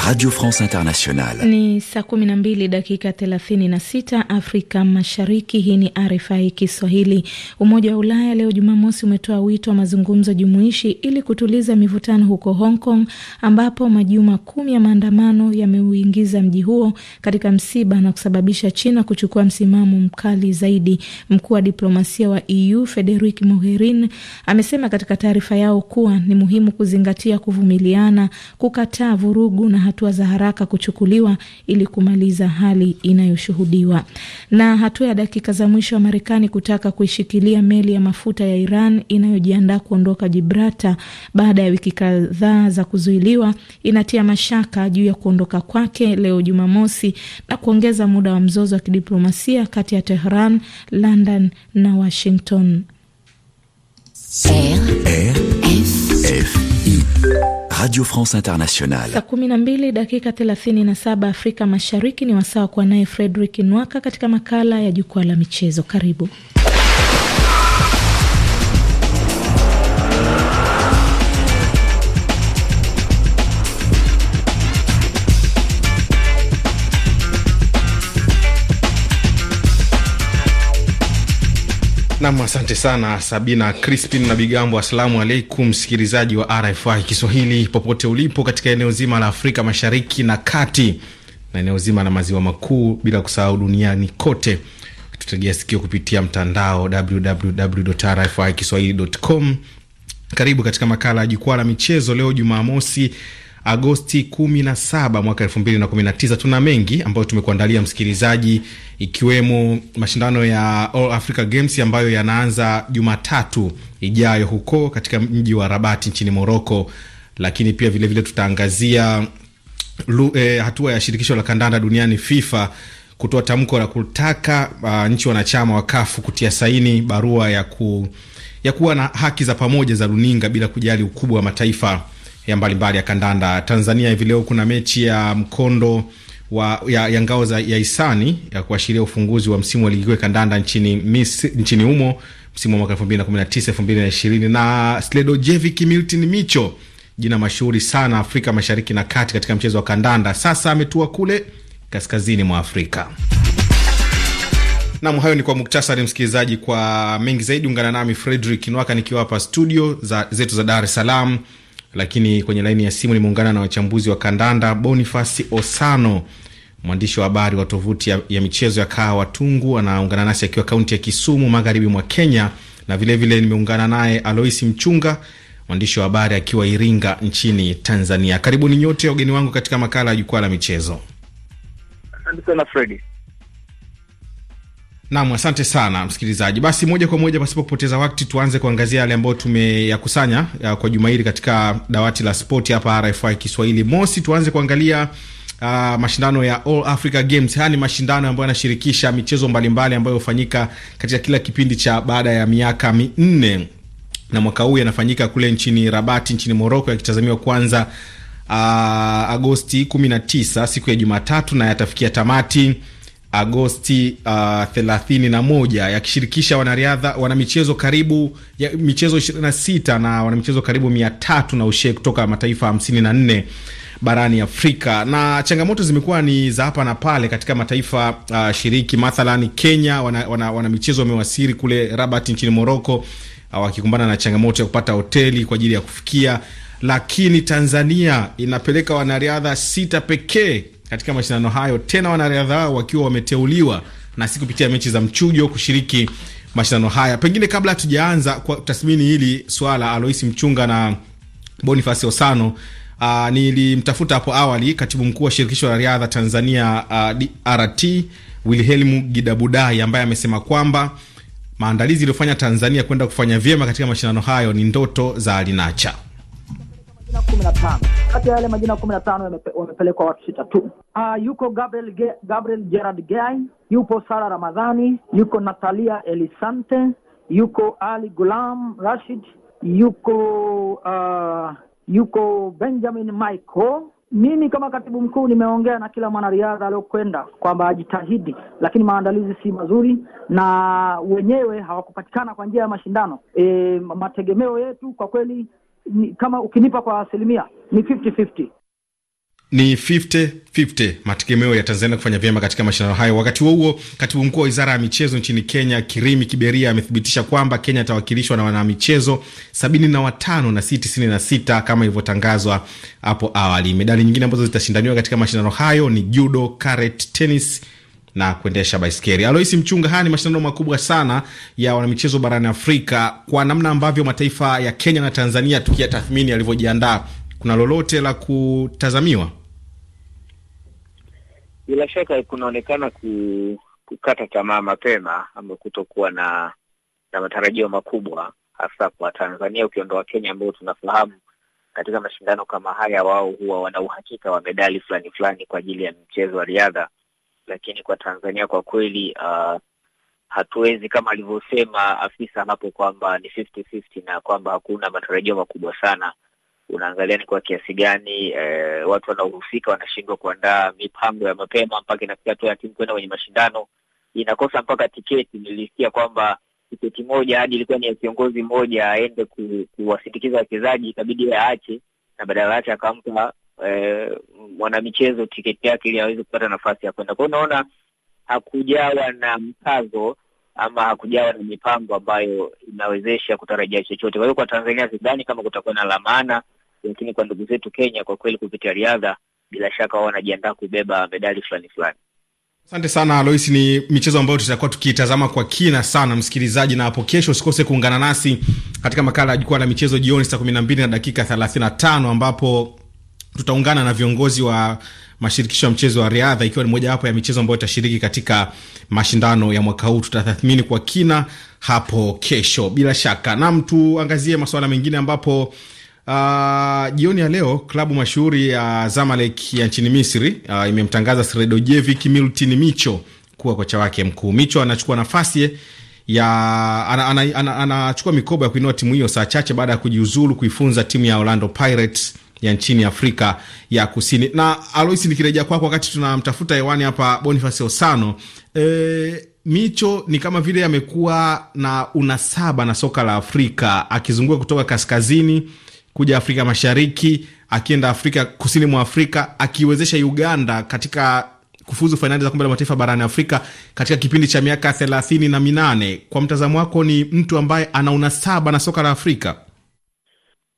Radio France Internationale. Ni saa 12 dakika 36 Afrika Mashariki. Hii ni RFI Kiswahili. Umoja wa Ulaya leo Jumamosi umetoa wito wa mazungumzo jumuishi ili kutuliza mivutano huko Hong Kong, ambapo majuma kumi ya maandamano yameuingiza mji huo katika msiba na kusababisha China kuchukua msimamo mkali zaidi. Mkuu wa diplomasia wa EU Federic Mogherini amesema katika taarifa yao kuwa ni muhimu kuzingatia kuvumiliana, kukataa vurugu na hatua za haraka kuchukuliwa ili kumaliza hali inayoshuhudiwa. Na hatua ya dakika za mwisho ya Marekani kutaka kuishikilia meli ya mafuta ya Iran inayojiandaa kuondoka Jibrata baada ya wiki kadhaa za kuzuiliwa inatia mashaka juu ya kuondoka kwake leo Jumamosi na kuongeza muda wa mzozo wa kidiplomasia kati ya Tehran, London na Washington. R F F Radio France Internationale. Saa kumi na mbili dakika 37 Afrika Mashariki ni wasawa kuwa naye Fredrik Nwaka katika makala ya jukwaa la michezo. Karibu. Nam, asante sana Sabina Crispin na Bigambo. Assalamu alaikum, msikilizaji wa RFI Kiswahili popote ulipo katika eneo zima la Afrika Mashariki na Kati na eneo zima la Maziwa Makuu, bila kusahau duniani kote. Tutegea sikio kupitia mtandao www.rfikiswahili.com. Karibu katika makala ya Jukwaa la Michezo leo Jumamosi Agosti 17 mwaka 2019. Tuna mengi ambayo tumekuandalia msikilizaji, ikiwemo mashindano ya All Africa Games ambayo yanaanza Jumatatu ijayo huko katika mji wa Rabati nchini Moroko, lakini pia vilevile tutaangazia lu, eh, hatua ya shirikisho la kandanda duniani FIFA kutoa tamko la kutaka uh, nchi wanachama wa KAFU kutia saini barua ya, ku, ya kuwa na haki za pamoja za runinga bila kujali ukubwa wa mataifa ya mbalimbali ya kandanda Tanzania. Hivi leo kuna mechi ya mkondo wa, ya, ya ngao za ya hisani ya kuashiria ufunguzi wa msimu wa ligi kuu ya kandanda nchini, mis, nchini humo msimu wa mwaka elfu mbili na kumi na tisa elfu mbili na ishirini na Sledojevic Milton Micho, jina mashuhuri sana Afrika Mashariki na Kati katika mchezo wa kandanda, sasa ametua kule kaskazini mwa Afrika. Nam, hayo ni kwa muktasari, msikilizaji. Kwa mengi zaidi ungana nami Fredrik Nwaka nikiwa hapa studio za, zetu za Dar es Salaam. Lakini kwenye laini ya simu nimeungana na wachambuzi wa kandanda, Bonifasi Osano, mwandishi wa habari wa tovuti ya, ya michezo ya Kaa Watungu, anaungana nasi akiwa kaunti ya Kisumu, magharibi mwa Kenya, na vilevile nimeungana naye Aloisi Mchunga, mwandishi wa habari akiwa Iringa nchini Tanzania. Karibuni nyote wageni wangu katika makala ya jukwaa la michezo. Asante sana Fredi. Nam, asante sana msikilizaji. Basi moja kwa moja, pasipo kupoteza wakati, tuanze kuangazia yale ambayo tumeyakusanya kwa juma hili katika dawati la spoti hapa RFI Kiswahili. Mosi, tuanze kuangalia uh, mashindano ya All Africa Games. Haya ni mashindano ambayo yanashirikisha michezo mbalimbali ambayo hufanyika katika kila kipindi cha baada ya miaka minne, na mwaka huu yanafanyika kule nchini Rabati nchini Moroko, yakitazamiwa kwanza uh, ah, Agosti 19 siku ya Jumatatu na yatafikia tamati Agosti uh, 31 yakishirikisha wanariadha wanamichezo karibu ya, michezo 26 na wanamichezo karibu mia na ushee kutoka mataifa 54 barani Afrika, na changamoto zimekuwa ni za hapa na pale katika mataifa uh, shiriki. Mathalan Kenya wanamichezo wana, wana wamewasiri kule Rabat nchini Morocco uh, wakikumbana na changamoto ya kupata hoteli kwa ajili ya kufikia, lakini Tanzania inapeleka wanariadha sita pekee katika mashindano hayo, tena wanariadha hao wakiwa wameteuliwa na si kupitia mechi za mchujo kushiriki mashindano haya. Pengine kabla hatujaanza kwa tathmini hili swala, Aloisi Mchunga na Bonifasi Osano, uh, nilimtafuta hapo awali katibu mkuu wa shirikisho la riadha Tanzania uh, ah, RT Wilhelm Gidabudai ambaye amesema kwamba maandalizi iliyofanya Tanzania kwenda kufanya vyema katika mashindano hayo ni ndoto za alinacha majina kumi na tano kati ya yale majina kumi na tano wamepelekwa watu sita tu. Uh, yuko Gabriel, Ge Gabriel Gerard Gai, yupo Sara Ramadhani, yuko Natalia Elisante, yuko Ali Gulam Rashid, yuko uh, yuko Benjamin Michael. Mimi kama katibu mkuu nimeongea na kila mwanariadha aliyokwenda kwamba ajitahidi, lakini maandalizi si mazuri na wenyewe hawakupatikana kwa njia ya mashindano. E, mategemeo yetu kwa kweli ni, kama ukinipa kwa asilimia ni 50-50 ni 50-50 mategemeo ya Tanzania kufanya vyema katika mashindano hayo. Wakati huo huo, katibu mkuu wa wizara ya michezo nchini Kenya, Kirimi Kiberia, amethibitisha kwamba Kenya atawakilishwa na wanamichezo 75 na si 96 kama ilivyotangazwa hapo awali. Medali nyingine ambazo zitashindaniwa katika mashindano hayo ni judo, karate, tenis na kuendesha baiskeli. Aloisi Mchunga, haya ni mashindano makubwa sana ya wanamichezo barani Afrika. Kwa namna ambavyo mataifa ya Kenya na Tanzania tukiyatathmini yalivyojiandaa, kuna lolote la kutazamiwa? Bila shaka kunaonekana kukata tamaa mapema ama kutokuwa na na matarajio makubwa, hasa kwa Tanzania, ukiondoa Kenya ambayo tunafahamu katika mashindano kama haya wao huwa wana uhakika wa medali fulani fulani kwa ajili ya mchezo wa riadha lakini kwa Tanzania kwa kweli uh, hatuwezi kama alivyosema afisa hapo kwamba ni 50-50 na kwamba hakuna matarajio makubwa sana. Unaangalia ni kwa kiasi gani eh, watu wanaohusika wanashindwa kuandaa mipango ya mapema mpaka inafikia hatua ya timu kwenda kwenye mashindano inakosa mpaka tiketi. Nilisikia kwamba tiketi moja hadi ilikuwa ni ya kiongozi mmoja aende ku, kuwasindikiza wachezaji, ikabidi aache na badala yake akampa eh, mwanamichezo tiketi yake ili aweze kupata nafasi ya kwenda kwao. Unaona, hakujawa na mkazo ama hakujawa na mipango ambayo inawezesha kutarajia chochote. Kwa hiyo kwa Tanzania sidhani kama kutakuwa na lamana, lakini kwa ndugu zetu Kenya kwa kweli kupitia riadha, bila shaka wao wanajiandaa kubeba medali fulani fulani. Asante sana Alois, ni michezo ambayo tutakuwa tukitazama kwa kina sana, msikilizaji, na hapo kesho usikose kuungana nasi katika makala ya jukwaa la michezo jioni saa kumi na mbili na dakika thelathini na tano ambapo tutaungana na viongozi wa mashirikisho ya mchezo wa riadha ikiwa ni mojawapo ya michezo ambayo itashiriki katika mashindano ya mwaka huu. Tutatathmini kwa kina hapo kesho bila shaka. Nam, tuangazie masuala mengine ambapo Uh, jioni ya leo klabu mashuhuri ya Zamalek ya nchini Misri uh, imemtangaza Sredojevic Milutin Micho kuwa kocha wake mkuu. Micho anachukua nafasi ya anachukua ana, ana, ana, mikoba ya kuinua timu hiyo saa chache baada ya kujiuzulu kuifunza timu ya Orlando Pirates ya nchini Afrika ya Kusini. Na Alois, nikirejea kwako, wakati tunamtafuta hewani hapa Boniface Osano, e, Micho ni kama vile amekuwa na unasaba na soka la Afrika, akizunguka kutoka kaskazini kuja Afrika Mashariki, akienda Afrika kusini mwa Afrika, akiwezesha Uganda katika kufuzu fainali za kombe la mataifa barani Afrika katika kipindi cha miaka thelathini na minane. Kwa mtazamo wako, ni mtu ambaye ana unasaba na soka la Afrika?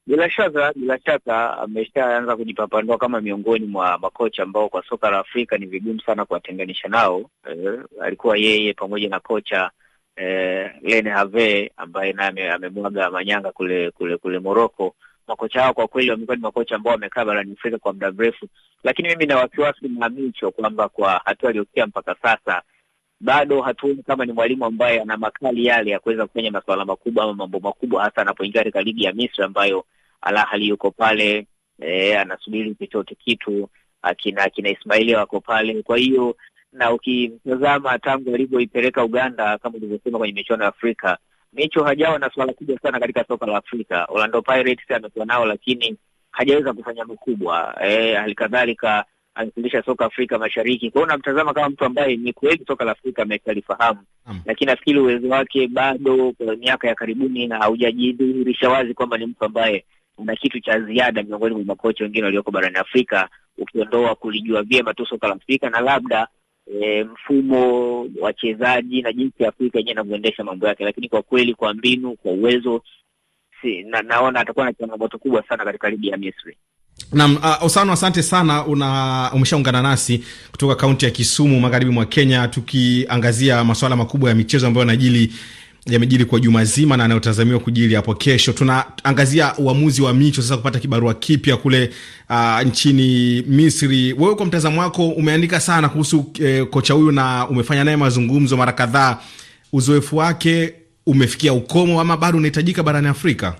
Bila shaka bila shaka ameshaanza kujipapandua kama miongoni mwa makocha ambao kwa soka la Afrika ni vigumu sana kuwatenganisha nao. Eh, alikuwa yeye pamoja na kocha eh, lene Have ambaye naye amemwaga manyanga kule kule kule moroko Makocha hao kwa kweli wamekuwa ni makocha ambao wamekaa barani Afrika kwa muda mrefu, lakini mimi na wasiwasi na Micho kwamba kwa hatua aliyofikia mpaka sasa bado hatuoni kama ni mwalimu ambaye ana makali yale ya kuweza kufanya masuala makubwa ama mambo makubwa, hasa anapoingia katika ligi ya Misri ambayo alahali yuko pale e, anasubiri chochote kitu, akina akina Ismaili wako pale. Kwa hiyo na ukimtazama tangu alivyoipeleka Uganda kama ulivyosema kwenye michuano ya Afrika, Micho hajawa na suala kubwa sana katika soka la Afrika. Orlando Pirates amekuwa nao, lakini hajaweza kufanya makubwa. E, eh, halikadhalika anafundisha soka Afrika Mashariki. Kwa hiyo namtazama kama mtu ambaye ni kweli soka la Afrika amelifahamu, lakini nafikiri uwezo wake bado kwa miaka ya karibuni na haujajidhihirisha wazi kwamba ni mtu ambaye ana kitu cha ziada miongoni mwa makocha wengine walioko barani Afrika, ukiondoa kulijua vyema tu soka la Afrika na labda E, mfumo wachezaji na jinsi Afrika yenyewe inavyoendesha mambo yake, lakini kwa kweli, kwa mbinu, kwa uwezo si, na, naona atakuwa na changamoto kubwa sana katika ligi ya Misri. Nam uh, ah, Osano, asante sana una umeshaungana nasi kutoka kaunti ya Kisumu, magharibi mwa Kenya, tukiangazia masuala makubwa ya michezo ambayo yanajili yamejiri kwa juma zima na yanayotazamiwa kujiri hapo kesho. Tunaangazia uamuzi wa Micho sasa kupata kibarua kipya kule uh, nchini Misri. Wewe kwa mtazamo wako, umeandika sana kuhusu eh, kocha huyu na umefanya naye mazungumzo mara kadhaa. Uzoefu wake umefikia ukomo ama bado unahitajika barani Afrika?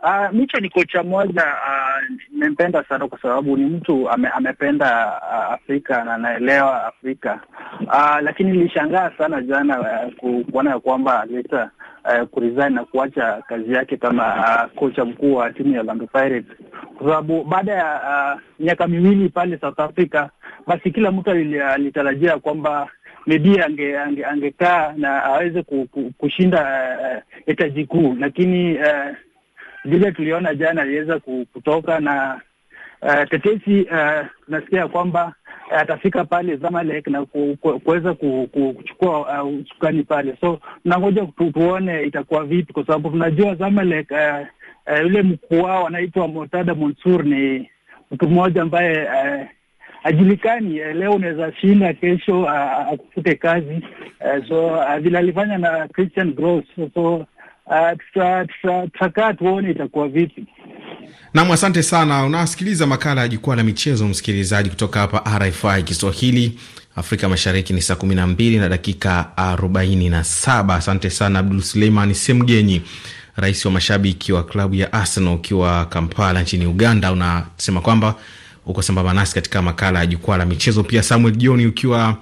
Uh, ah, Micho ni kocha mmoja ah, nimempenda uh, sana kwa sababu ni mtu ame, amependa uh, Afrika na anaelewa Afrika uh, lakini nilishangaa sana jana uh, kuona ya kwamba aleta uh, eh, kuresign na kuacha kazi yake kama uh, kocha mkuu wa timu ya Orlando Pirates kwa sababu baada ya uh, miaka miwili pale South Africa, basi kila mtu alitarajia kwamba maybe angekaa ange, na aweze kushinda uh, uh, kuu lakini uh, vile tuliona jana aliweza kutoka na uh, tetesi uh, eh, nasikia kwamba atafika pale Zamalek na kuweza ku, ku, kuchukua uh, usukani pale, so tunangoja tuone itakuwa vipi, kwa sababu tunajua Zamalek yule uh, uh, mkuu wao anaitwa motada Mansur ni mtu mmoja ambaye uh, ajulikani. uh, leo unaweza shinda, kesho ah, akufute uh, kazi uh, so uh, vile alifanya na Christian Gross so tutakaa tuone itakuwa vipi. Nam, asante sana. Unasikiliza makala ya jukwaa la michezo, msikilizaji, kutoka hapa RFI Kiswahili Afrika Mashariki. Ni saa kumi na mbili na dakika saba. Asante sana Abdul Suleiman Semgenyi, rais wa mashabiki wa klabu ya Arsenal, ukiwa Kampala nchini Uganda. Unasema kwamba uko sambamba nasi katika makala ya jukwaa la michezo. Pia Samuel Joni ukiwa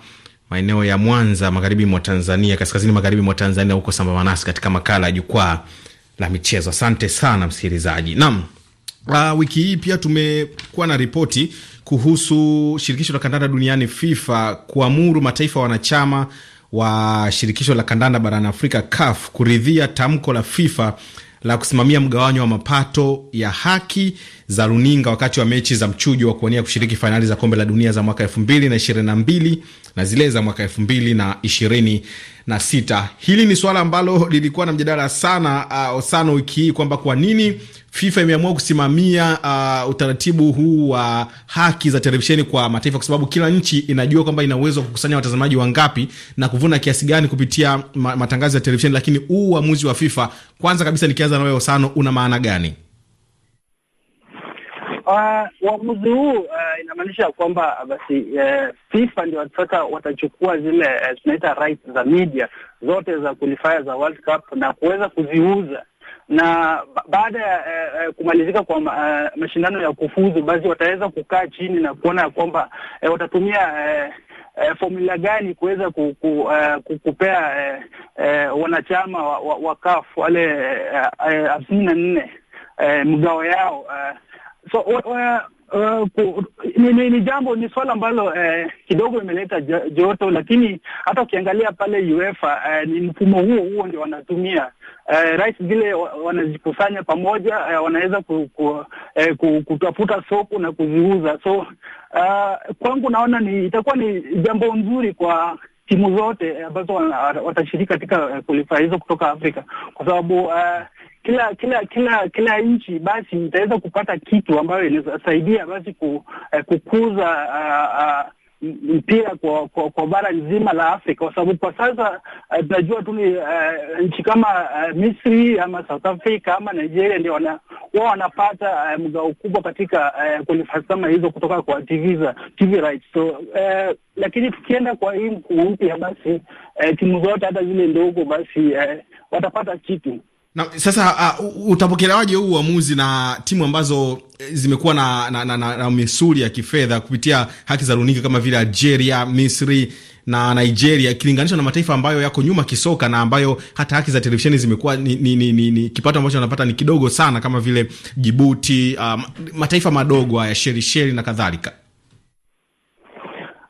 maeneo ya Mwanza, magharibi mwa Tanzania, kaskazini magharibi mwa Tanzania, huko sambamba nasi katika makala ya jukwaa la michezo. Asante sana msikilizaji. Naam, uh, wiki hii pia tumekuwa na ripoti kuhusu shirikisho la kandanda duniani FIFA kuamuru mataifa wanachama wa shirikisho la kandanda barani Afrika CAF kuridhia tamko la FIFA la kusimamia mgawanyo wa mapato ya haki za runinga wakati wa mechi za mchujo wa kuwania kushiriki fainali za kombe la dunia za mwaka elfu mbili na ishirini na mbili na zile za mwaka elfu mbili na ishirini na sita. Hili ni suala ambalo lilikuwa na mjadala sana uh, sana wiki hii kwamba kwa nini FIFA imeamua kusimamia uh, utaratibu huu wa uh, haki za televisheni kwa mataifa, kwa sababu kila nchi inajua kwamba ina uwezo wa kukusanya watazamaji wangapi na kuvuna kiasi gani kupitia matangazo ya televisheni. Lakini huu uamuzi wa FIFA, kwanza kabisa, nikianza na wewe Osano, una maana gani? Ah, uamuzi uh, huu uh, inamaanisha kwamba ah, basi uh, FIFA ndio sasa watachukua zile uh, tunaita right za media zote za kulifaya za World Cup na kuweza kuziuza na baada ya eh, kumalizika kwa uh, mashindano ya kufuzu, basi wataweza kukaa chini na kuona ya kwamba eh, watatumia eh, eh, formula gani kuweza ku, ku, eh, kupea eh, eh, wanachama wa, wa, wa kafu wale hamsini eh, eh, na nne eh, mgao yao eh, So uh, ni, ni, jambo ni swala ambalo eh, kidogo imeleta joto, lakini hata ukiangalia pale UEFA eh, ni mfumo huo huo ndio wanatumia eh, rais vile wanajikusanya pamoja eh, wanaweza ku, ku, eh, ku, kutafuta soko na kuziuza. So uh, kwangu naona ni itakuwa ni jambo nzuri kwa timu zote ambazo eh, watashiriki katika eh, kulifaa hizo kutoka Afrika kwa sababu eh, kila kila kila kila nchi basi itaweza kupata kitu ambayo inasaidia basi ku, eh, kukuza uh, uh, mpira kwa, kwa, kwa bara nzima la Afrika kwa sababu kwa sasa eh, tunajua uh, tu ni uh, nchi kama uh, Misri ama South Africa ama Nigeria ndio wana, wao wanapata uh, mgao kubwa katika uh, kulifasama hizo kutoka kwa TV za TV rights so uh, lakini tukienda kwa hii mkuu mpya basi uh, timu zote hata zile ndogo basi uh, watapata kitu. Na, sasa uh, utapokelewaje huu uamuzi na timu ambazo eh, zimekuwa na, na, na, na, na misuli ya kifedha kupitia haki za runinga kama vile Algeria, Misri na Nigeria ikilinganishwa na mataifa ambayo yako nyuma kisoka na ambayo hata haki za televisheni zimekuwa ni, ni, ni, ni, kipato ambacho wanapata ni kidogo sana kama vile Jibuti, uh, mataifa madogo haya sherisheri na kadhalika.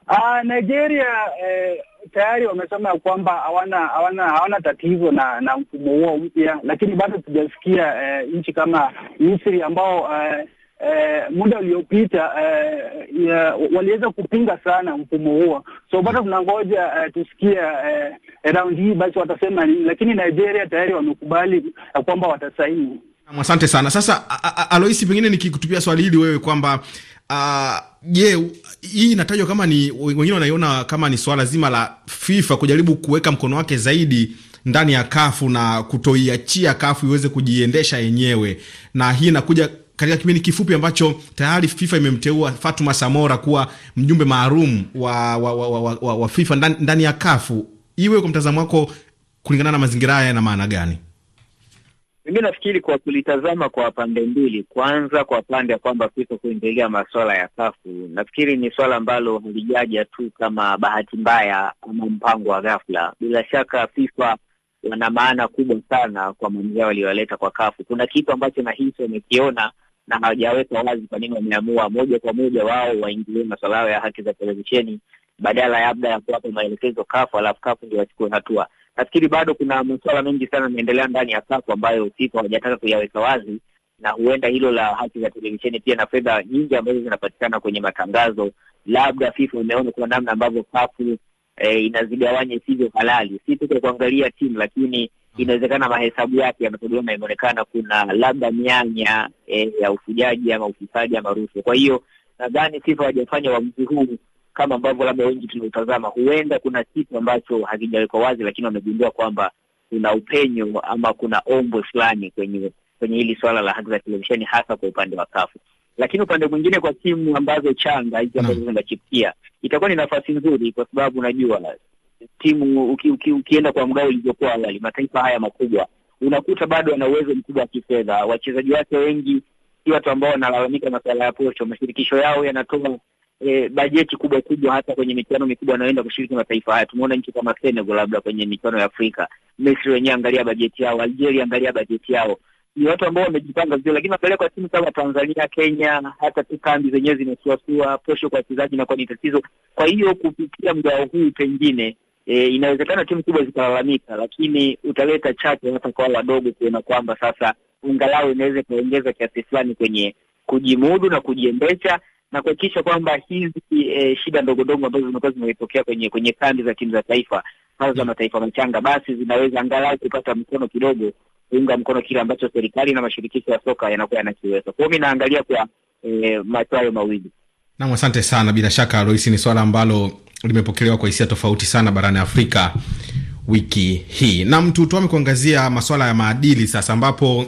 Uh, Nigeria eh tayari wamesema kwamba hawana hawana hawana tatizo na na mfumo huo mpya, lakini bado tujasikia eh, nchi kama Misri ambao eh, eh, muda uliopita eh, waliweza kupinga sana mfumo huo, so bado tunangoja eh, tusikia eh, raundi hii basi watasema nini, lakini Nigeria tayari wamekubali ya kwamba watasaini. Asante sana. Sasa Aloisi, pengine nikikutupia swali hili wewe kwamba Ah, je, uh, hii inatajwa kama ni, wengine wanaiona kama ni swala zima la FIFA kujaribu kuweka mkono wake zaidi ndani ya kafu na kutoiachia kafu iweze kujiendesha yenyewe, na hii inakuja katika kipindi kifupi ambacho tayari FIFA imemteua Fatuma Samora kuwa mjumbe maalum wa, wa, wa, wa, wa, wa FIFA ndani ya kafu. Iwe kwa mtazamo wako, kulingana na mazingira haya, yana maana gani? Mimi nafikiri kwa kulitazama kwa pande mbili, kwanza kwa pande ya kwamba fifa kuingilia masuala ya kafu, nafikiri ni swala ambalo halijaja tu kama bahati mbaya ama mpango wa ghafla. Bila shaka FIFA wana maana kubwa sana kwa mambo yao waliyoleta kwa kafu. Kuna kitu ambacho nahisi wamekiona na hawajaweka wazi, kwa nini wameamua moja kwa moja wao waingilie masuala yao ya haki za televisheni badala labda ya kuwapa maelekezo kafu, alafu kafu ndio wachukue hatua nafikiri bado kuna masuala mengi sana yanaendelea ndani ya SACCO ambayo sifa hawajataka kuyaweka wazi, na huenda hilo la haki za televisheni pia na fedha nyingi ambazo zinapatikana kwenye matangazo, labda FIFA imeona kuna namna ambavyo kafu e, eh, inazigawanya isivyo halali, si tu kwa kuangalia timu, lakini inawezekana mahesabu yake yametolewa na imeonekana kuna labda mianya e, ya ufujaji ama ufisadi ama rushwa. Kwa hiyo nadhani FIFA hawajafanya uamuzi huu kama ambavyo labda wengi tunaotazama huenda kuna kitu ambacho hakijawekwa wazi, lakini wamegundua kwamba kuna upenyo ama kuna ombwe fulani kwenye kwenye hili swala la haki za televisheni, hasa kwa upande wa kafu. Lakini upande mwingine, kwa timu ambazo changa hizi ambazo hmm. zinachipukia, itakuwa ni nafasi nzuri, kwa sababu unajua timu uki, uki, ukienda kwa mgao ilivyokuwa awali, mataifa haya makubwa unakuta bado ana uwezo mkubwa wa kifedha. Wachezaji wake wengi si watu ambao wanalalamika masuala ya posho, mashirikisho yao yanatoa e, bajeti kubwa kubwa hata kwenye michuano mikubwa anayoenda kushiriki mataifa haya. Tumeona nchi kama Senegal labda kwenye michuano ya Afrika, Misri wenyewe angalia bajeti yao, Algeria angalia bajeti yao, ni watu ambao wamejipanga vizuri, lakini angalia kwa timu kama Tanzania, Kenya, hata tu kambi zenyewe zimesuasua, posho kwa wachezaji inakuwa ni tatizo. Kwa hiyo kupitia mgao huu pengine E, inawezekana timu kubwa zikalalamika, lakini utaleta chachu hata kwa wadogo kuona kwamba sasa ungalau inaweza ikaongeza kiasi fulani kwenye kujimudu na kujiendesha na kuhakikisha kwamba hizi e, shida ndogo ndogo ambazo zimekuwa zimetokea kwenye kwenye kambi za timu za taifa hasa za mataifa machanga, basi zinaweza angalau kupata mkono kidogo, kuunga mkono kile ambacho serikali na mashirikisho ya soka yanakuwa yanakiweza. Kwa hiyo mi naangalia kwa e, eh, macho mawili. Nam, asante sana. Bila shaka Rois, ni swala ambalo limepokelewa kwa hisia tofauti sana barani Afrika wiki hii. Nam, tutuame kuangazia masuala ya maadili sasa, ambapo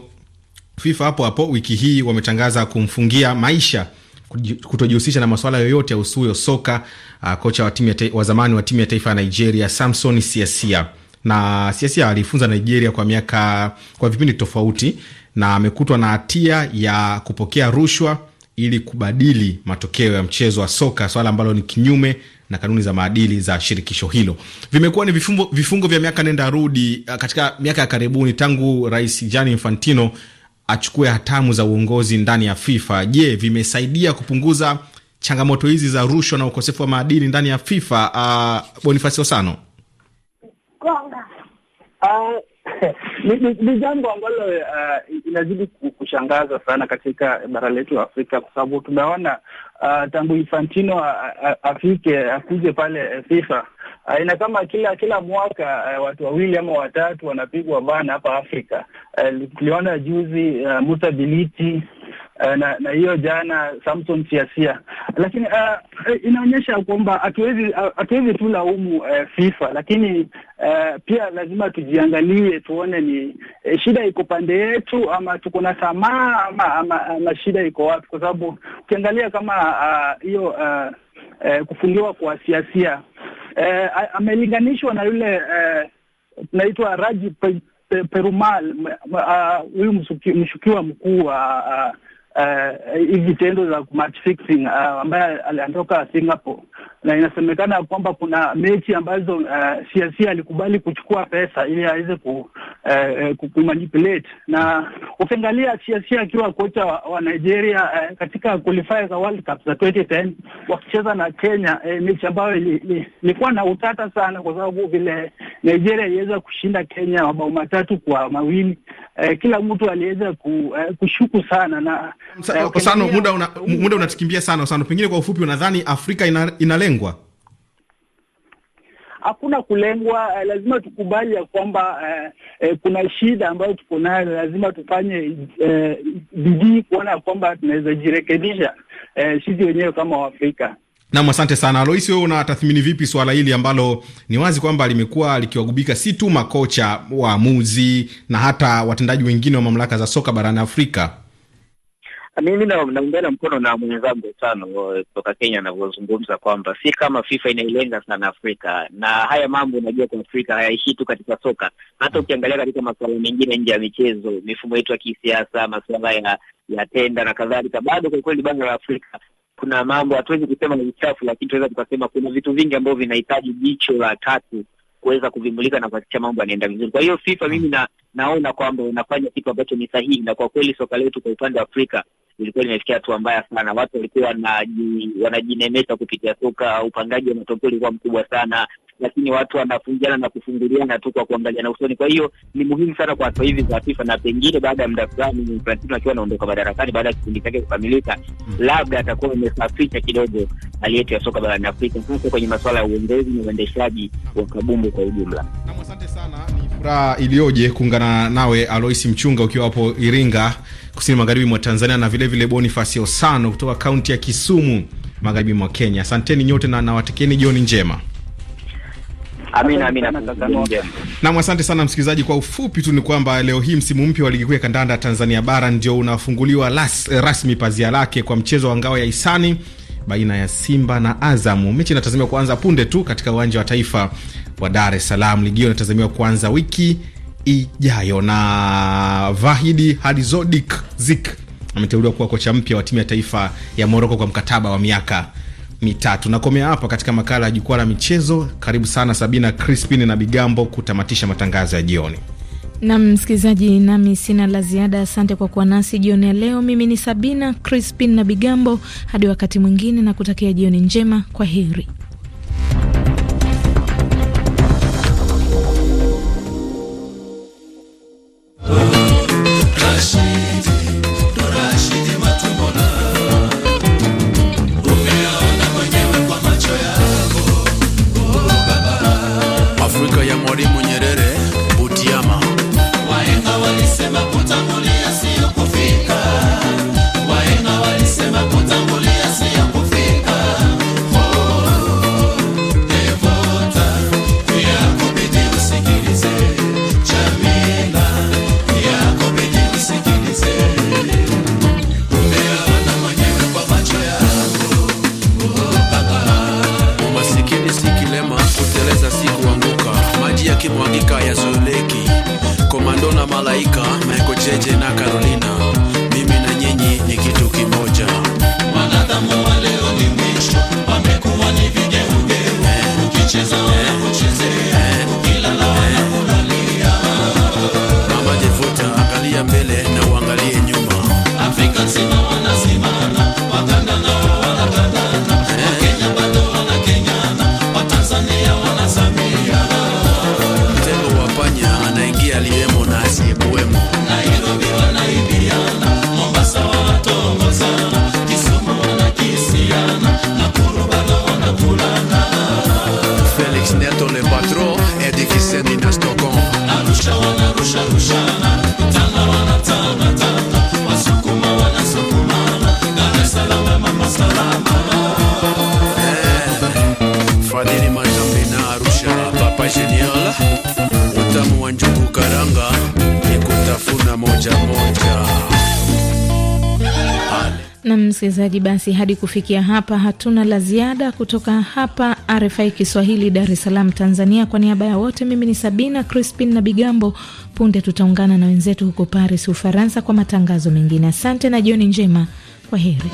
FIFA hapo hapo wiki hii wametangaza kumfungia maisha kutojihusisha na masuala yoyote ya usuyo soka. Uh, kocha wa, timu wa zamani wa timu ya taifa ya Nigeria Samson Siasia na Siasia alifunza Nigeria kwa miaka kwa vipindi tofauti, na amekutwa na hatia ya kupokea rushwa ili kubadili matokeo ya mchezo wa soka, swala ambalo ni kinyume na kanuni za maadili za shirikisho hilo. Vimekuwa ni vifungo, vifungo vya miaka nenda rudi ah, katika miaka ya karibuni tangu Rais Gianni Infantino achukue hatamu za uongozi ndani ya FIFA. Je, vimesaidia kupunguza changamoto hizi za rushwa na ukosefu wa maadili ndani ya FIFA? Uh, Bonifasi Osano ni jambo ambalo uh, inazidi kushangaza sana katika bara letu la Afrika kwa sababu tumeona uh, tangu Infantino afike akuje pale eh, FIFA uh, ina kama kila kila mwaka uh, watu wawili ama watatu wanapigwa bana hapa Afrika. Uh, tuliona juzi uh, Musa Biliti uh, na na hiyo jana Samson Siasia, lakini uh, inaonyesha kwamba hatuwezi hatuwezi tu laumu uh, FIFA, lakini uh, pia lazima tujiangalie tuone ni uh, shida iko pande yetu ama tuko na tamaa ama, ama, ama shida iko wapi, kwa sababu ukiangalia kama ah, hiyo uh, uh, uh, kufungiwa kwa siasia eh, amelinganishwa na yule tunaitwa eh, naitwa Raji Perumal ah, huyu uh, mshukiwa mkuu wa uh, Eh, hivi tendo za match fixing uh, ambaye aliondoka Singapore, na inasemekana kwamba kuna mechi ambazo uh, eh, CRC alikubali kuchukua pesa ili aweze ku, uh, kumanipulate. Na ukiangalia CRC akiwa kocha wa, wa Nigeria uh, katika qualify za World Cup za 2010 wakicheza na Kenya uh, mechi ambayo ilikuwa na utata sana, kwa sababu vile Nigeria iliweza kushinda Kenya mabao matatu kwa mawili uh, kila mtu aliweza ku, uh, kushuku sana na Osano, muda una, muda unatukimbia sana Osano, pengine kwa ufupi, unadhani Afrika ina, inalengwa? Hakuna kulengwa. Eh, lazima tukubali ya kwamba eh, eh, kuna shida ambayo tuko nayo. Lazima tufanye eh, bidii kuona kwamba tunaweza jirekebisha eh, sisi wenyewe kama Waafrika. Nam, asante sana Alois. wewe unatathmini vipi suala hili ambalo ni wazi kwamba limekuwa likiwagubika si tu makocha, waamuzi na hata watendaji wengine wa mamlaka za soka barani Afrika? Mimi naungana mkono na mwenzangu tano uh, kutoka Kenya anavyozungumza kwamba si kama FIFA inailenga sana Afrika, na haya mambo unajua kwa Afrika hayaishi tu katika soka, hata ukiangalia katika masuala mengine nje ya michezo, mifumo yetu ya kisiasa, masuala ya ya tenda na kadhalika, bado kwa kweli bara la Afrika kuna mambo hatuwezi kusema ni uchafu, lakini tunaweza tukasema kuna vitu vingi ambavyo vinahitaji jicho la tatu kuweza kuvimulika na kuhakikisha mambo yanaenda vizuri. Kwa hiyo FIFA mimi na, naona kwamba unafanya kitu ambacho ni sahihi, na kwa kweli soka letu kwa upande wa Afrika ilikuwa limefikia hatua mbaya sana. Watu walikuwa wanajinemeta kupitia soka, upangaji wa matokeo ulikuwa mkubwa sana, lakini watu wanafungiana na kufunguliana tu kwa kuangaliana usoni. Kwa hiyo ni muhimu sana kwa hatua hizi za FIFA, na pengine baada ya muda fulani Infantino akiwa anaondoka madarakani baada ya kipindi chake kukamilika, labda atakuwa amesafisha kidogo hali yetu ya soka barani Afrika, hasa kwenye masuala ya uongozi na uendeshaji wa kabumbu kwa ujumla. Asante sana, ni furaha iliyoje kuungana nawe Aloisi Mchunga ukiwa hapo Iringa kusini magharibi mwa Tanzania na vilevile Bonifasi Osano kutoka kaunti ya Kisumu magharibi mwa Kenya. Asanteni nyote na nawatakieni jioni njema. Nam, asante sana msikilizaji. Kwa ufupi tu ni kwamba leo hii msimu mpya wa ligi kuu ya kandanda ya Tanzania bara ndio unafunguliwa las, eh, rasmi pazia lake kwa mchezo wa ngao ya hisani baina ya Simba na Azamu. Mechi inatazamiwa kuanza punde tu katika uwanja wa taifa wa Dar es Salaam. Ligi hiyo inatazamiwa kuanza wiki ijayo. Na Vahidi Halizodik Zik ameteuliwa kuwa kocha mpya wa timu ya taifa ya Moroko kwa mkataba wa miaka mitatu. Nakomea hapa katika makala ya jukwaa la michezo. Karibu sana Sabina Crispin na Bigambo kutamatisha matangazo ya jioni. Nam msikilizaji, nami sina la ziada. Asante kwa kuwa nasi jioni ya leo. Mimi ni Sabina Crispin na Bigambo. Hadi wakati mwingine, na kutakia jioni njema. Kwa heri. basi hadi kufikia hapa hatuna la ziada kutoka hapa RFI Kiswahili, Dar es Salaam, Tanzania. Kwa niaba ya wote, mimi ni Sabina Crispin na Bigambo. Punde tutaungana na wenzetu huko Paris, Ufaransa, kwa matangazo mengine. Asante na jioni njema, kwa heri.